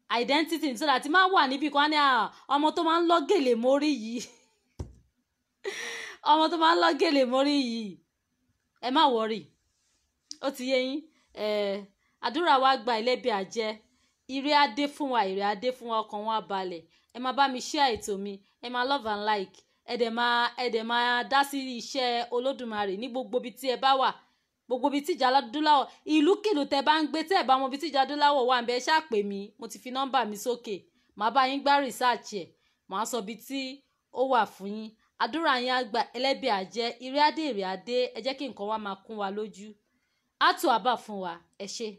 identity so that máa wà níbi kan ní ah, ọmọ tó máa ń lọ gèlè mórí yìí ọmọ tó máa ń lọ gèlè mórí yìí ẹ má wọrí ó ti yé yín àdúrà wa gba ìlẹ́bi àjẹ́ ire adé fún wa ire adé fún wa ọkàn wa balẹ̀ ẹ máa bá mi share ètò mi ẹ máa love and like ẹ dẹ̀ máa ẹ dẹ̀ máa dá sí iṣẹ́ Olódùmarè ní gbogbo ibi tí ẹ bá wà gbogbo ibi tíjà adúláwọ̀ ìlúkìlú tẹ bá ń gbé tẹ́ ẹ̀ bá mọ ibi tíjà adúláwọ̀ wà bẹ ṣáà pè mí mo ti fi nọ́mbà mi sókè màá bá yín gbá rìsáàchì ẹ̀ màá sọ ibi tí ó wà fún yín àdúrà yín á gba ẹlẹ́bẹ̀ àjẹ́ ìrẹ́adé ẹ jẹ́ kí nǹkan wá máa kún wa lójú á tù àbà fún wa ẹ ṣé.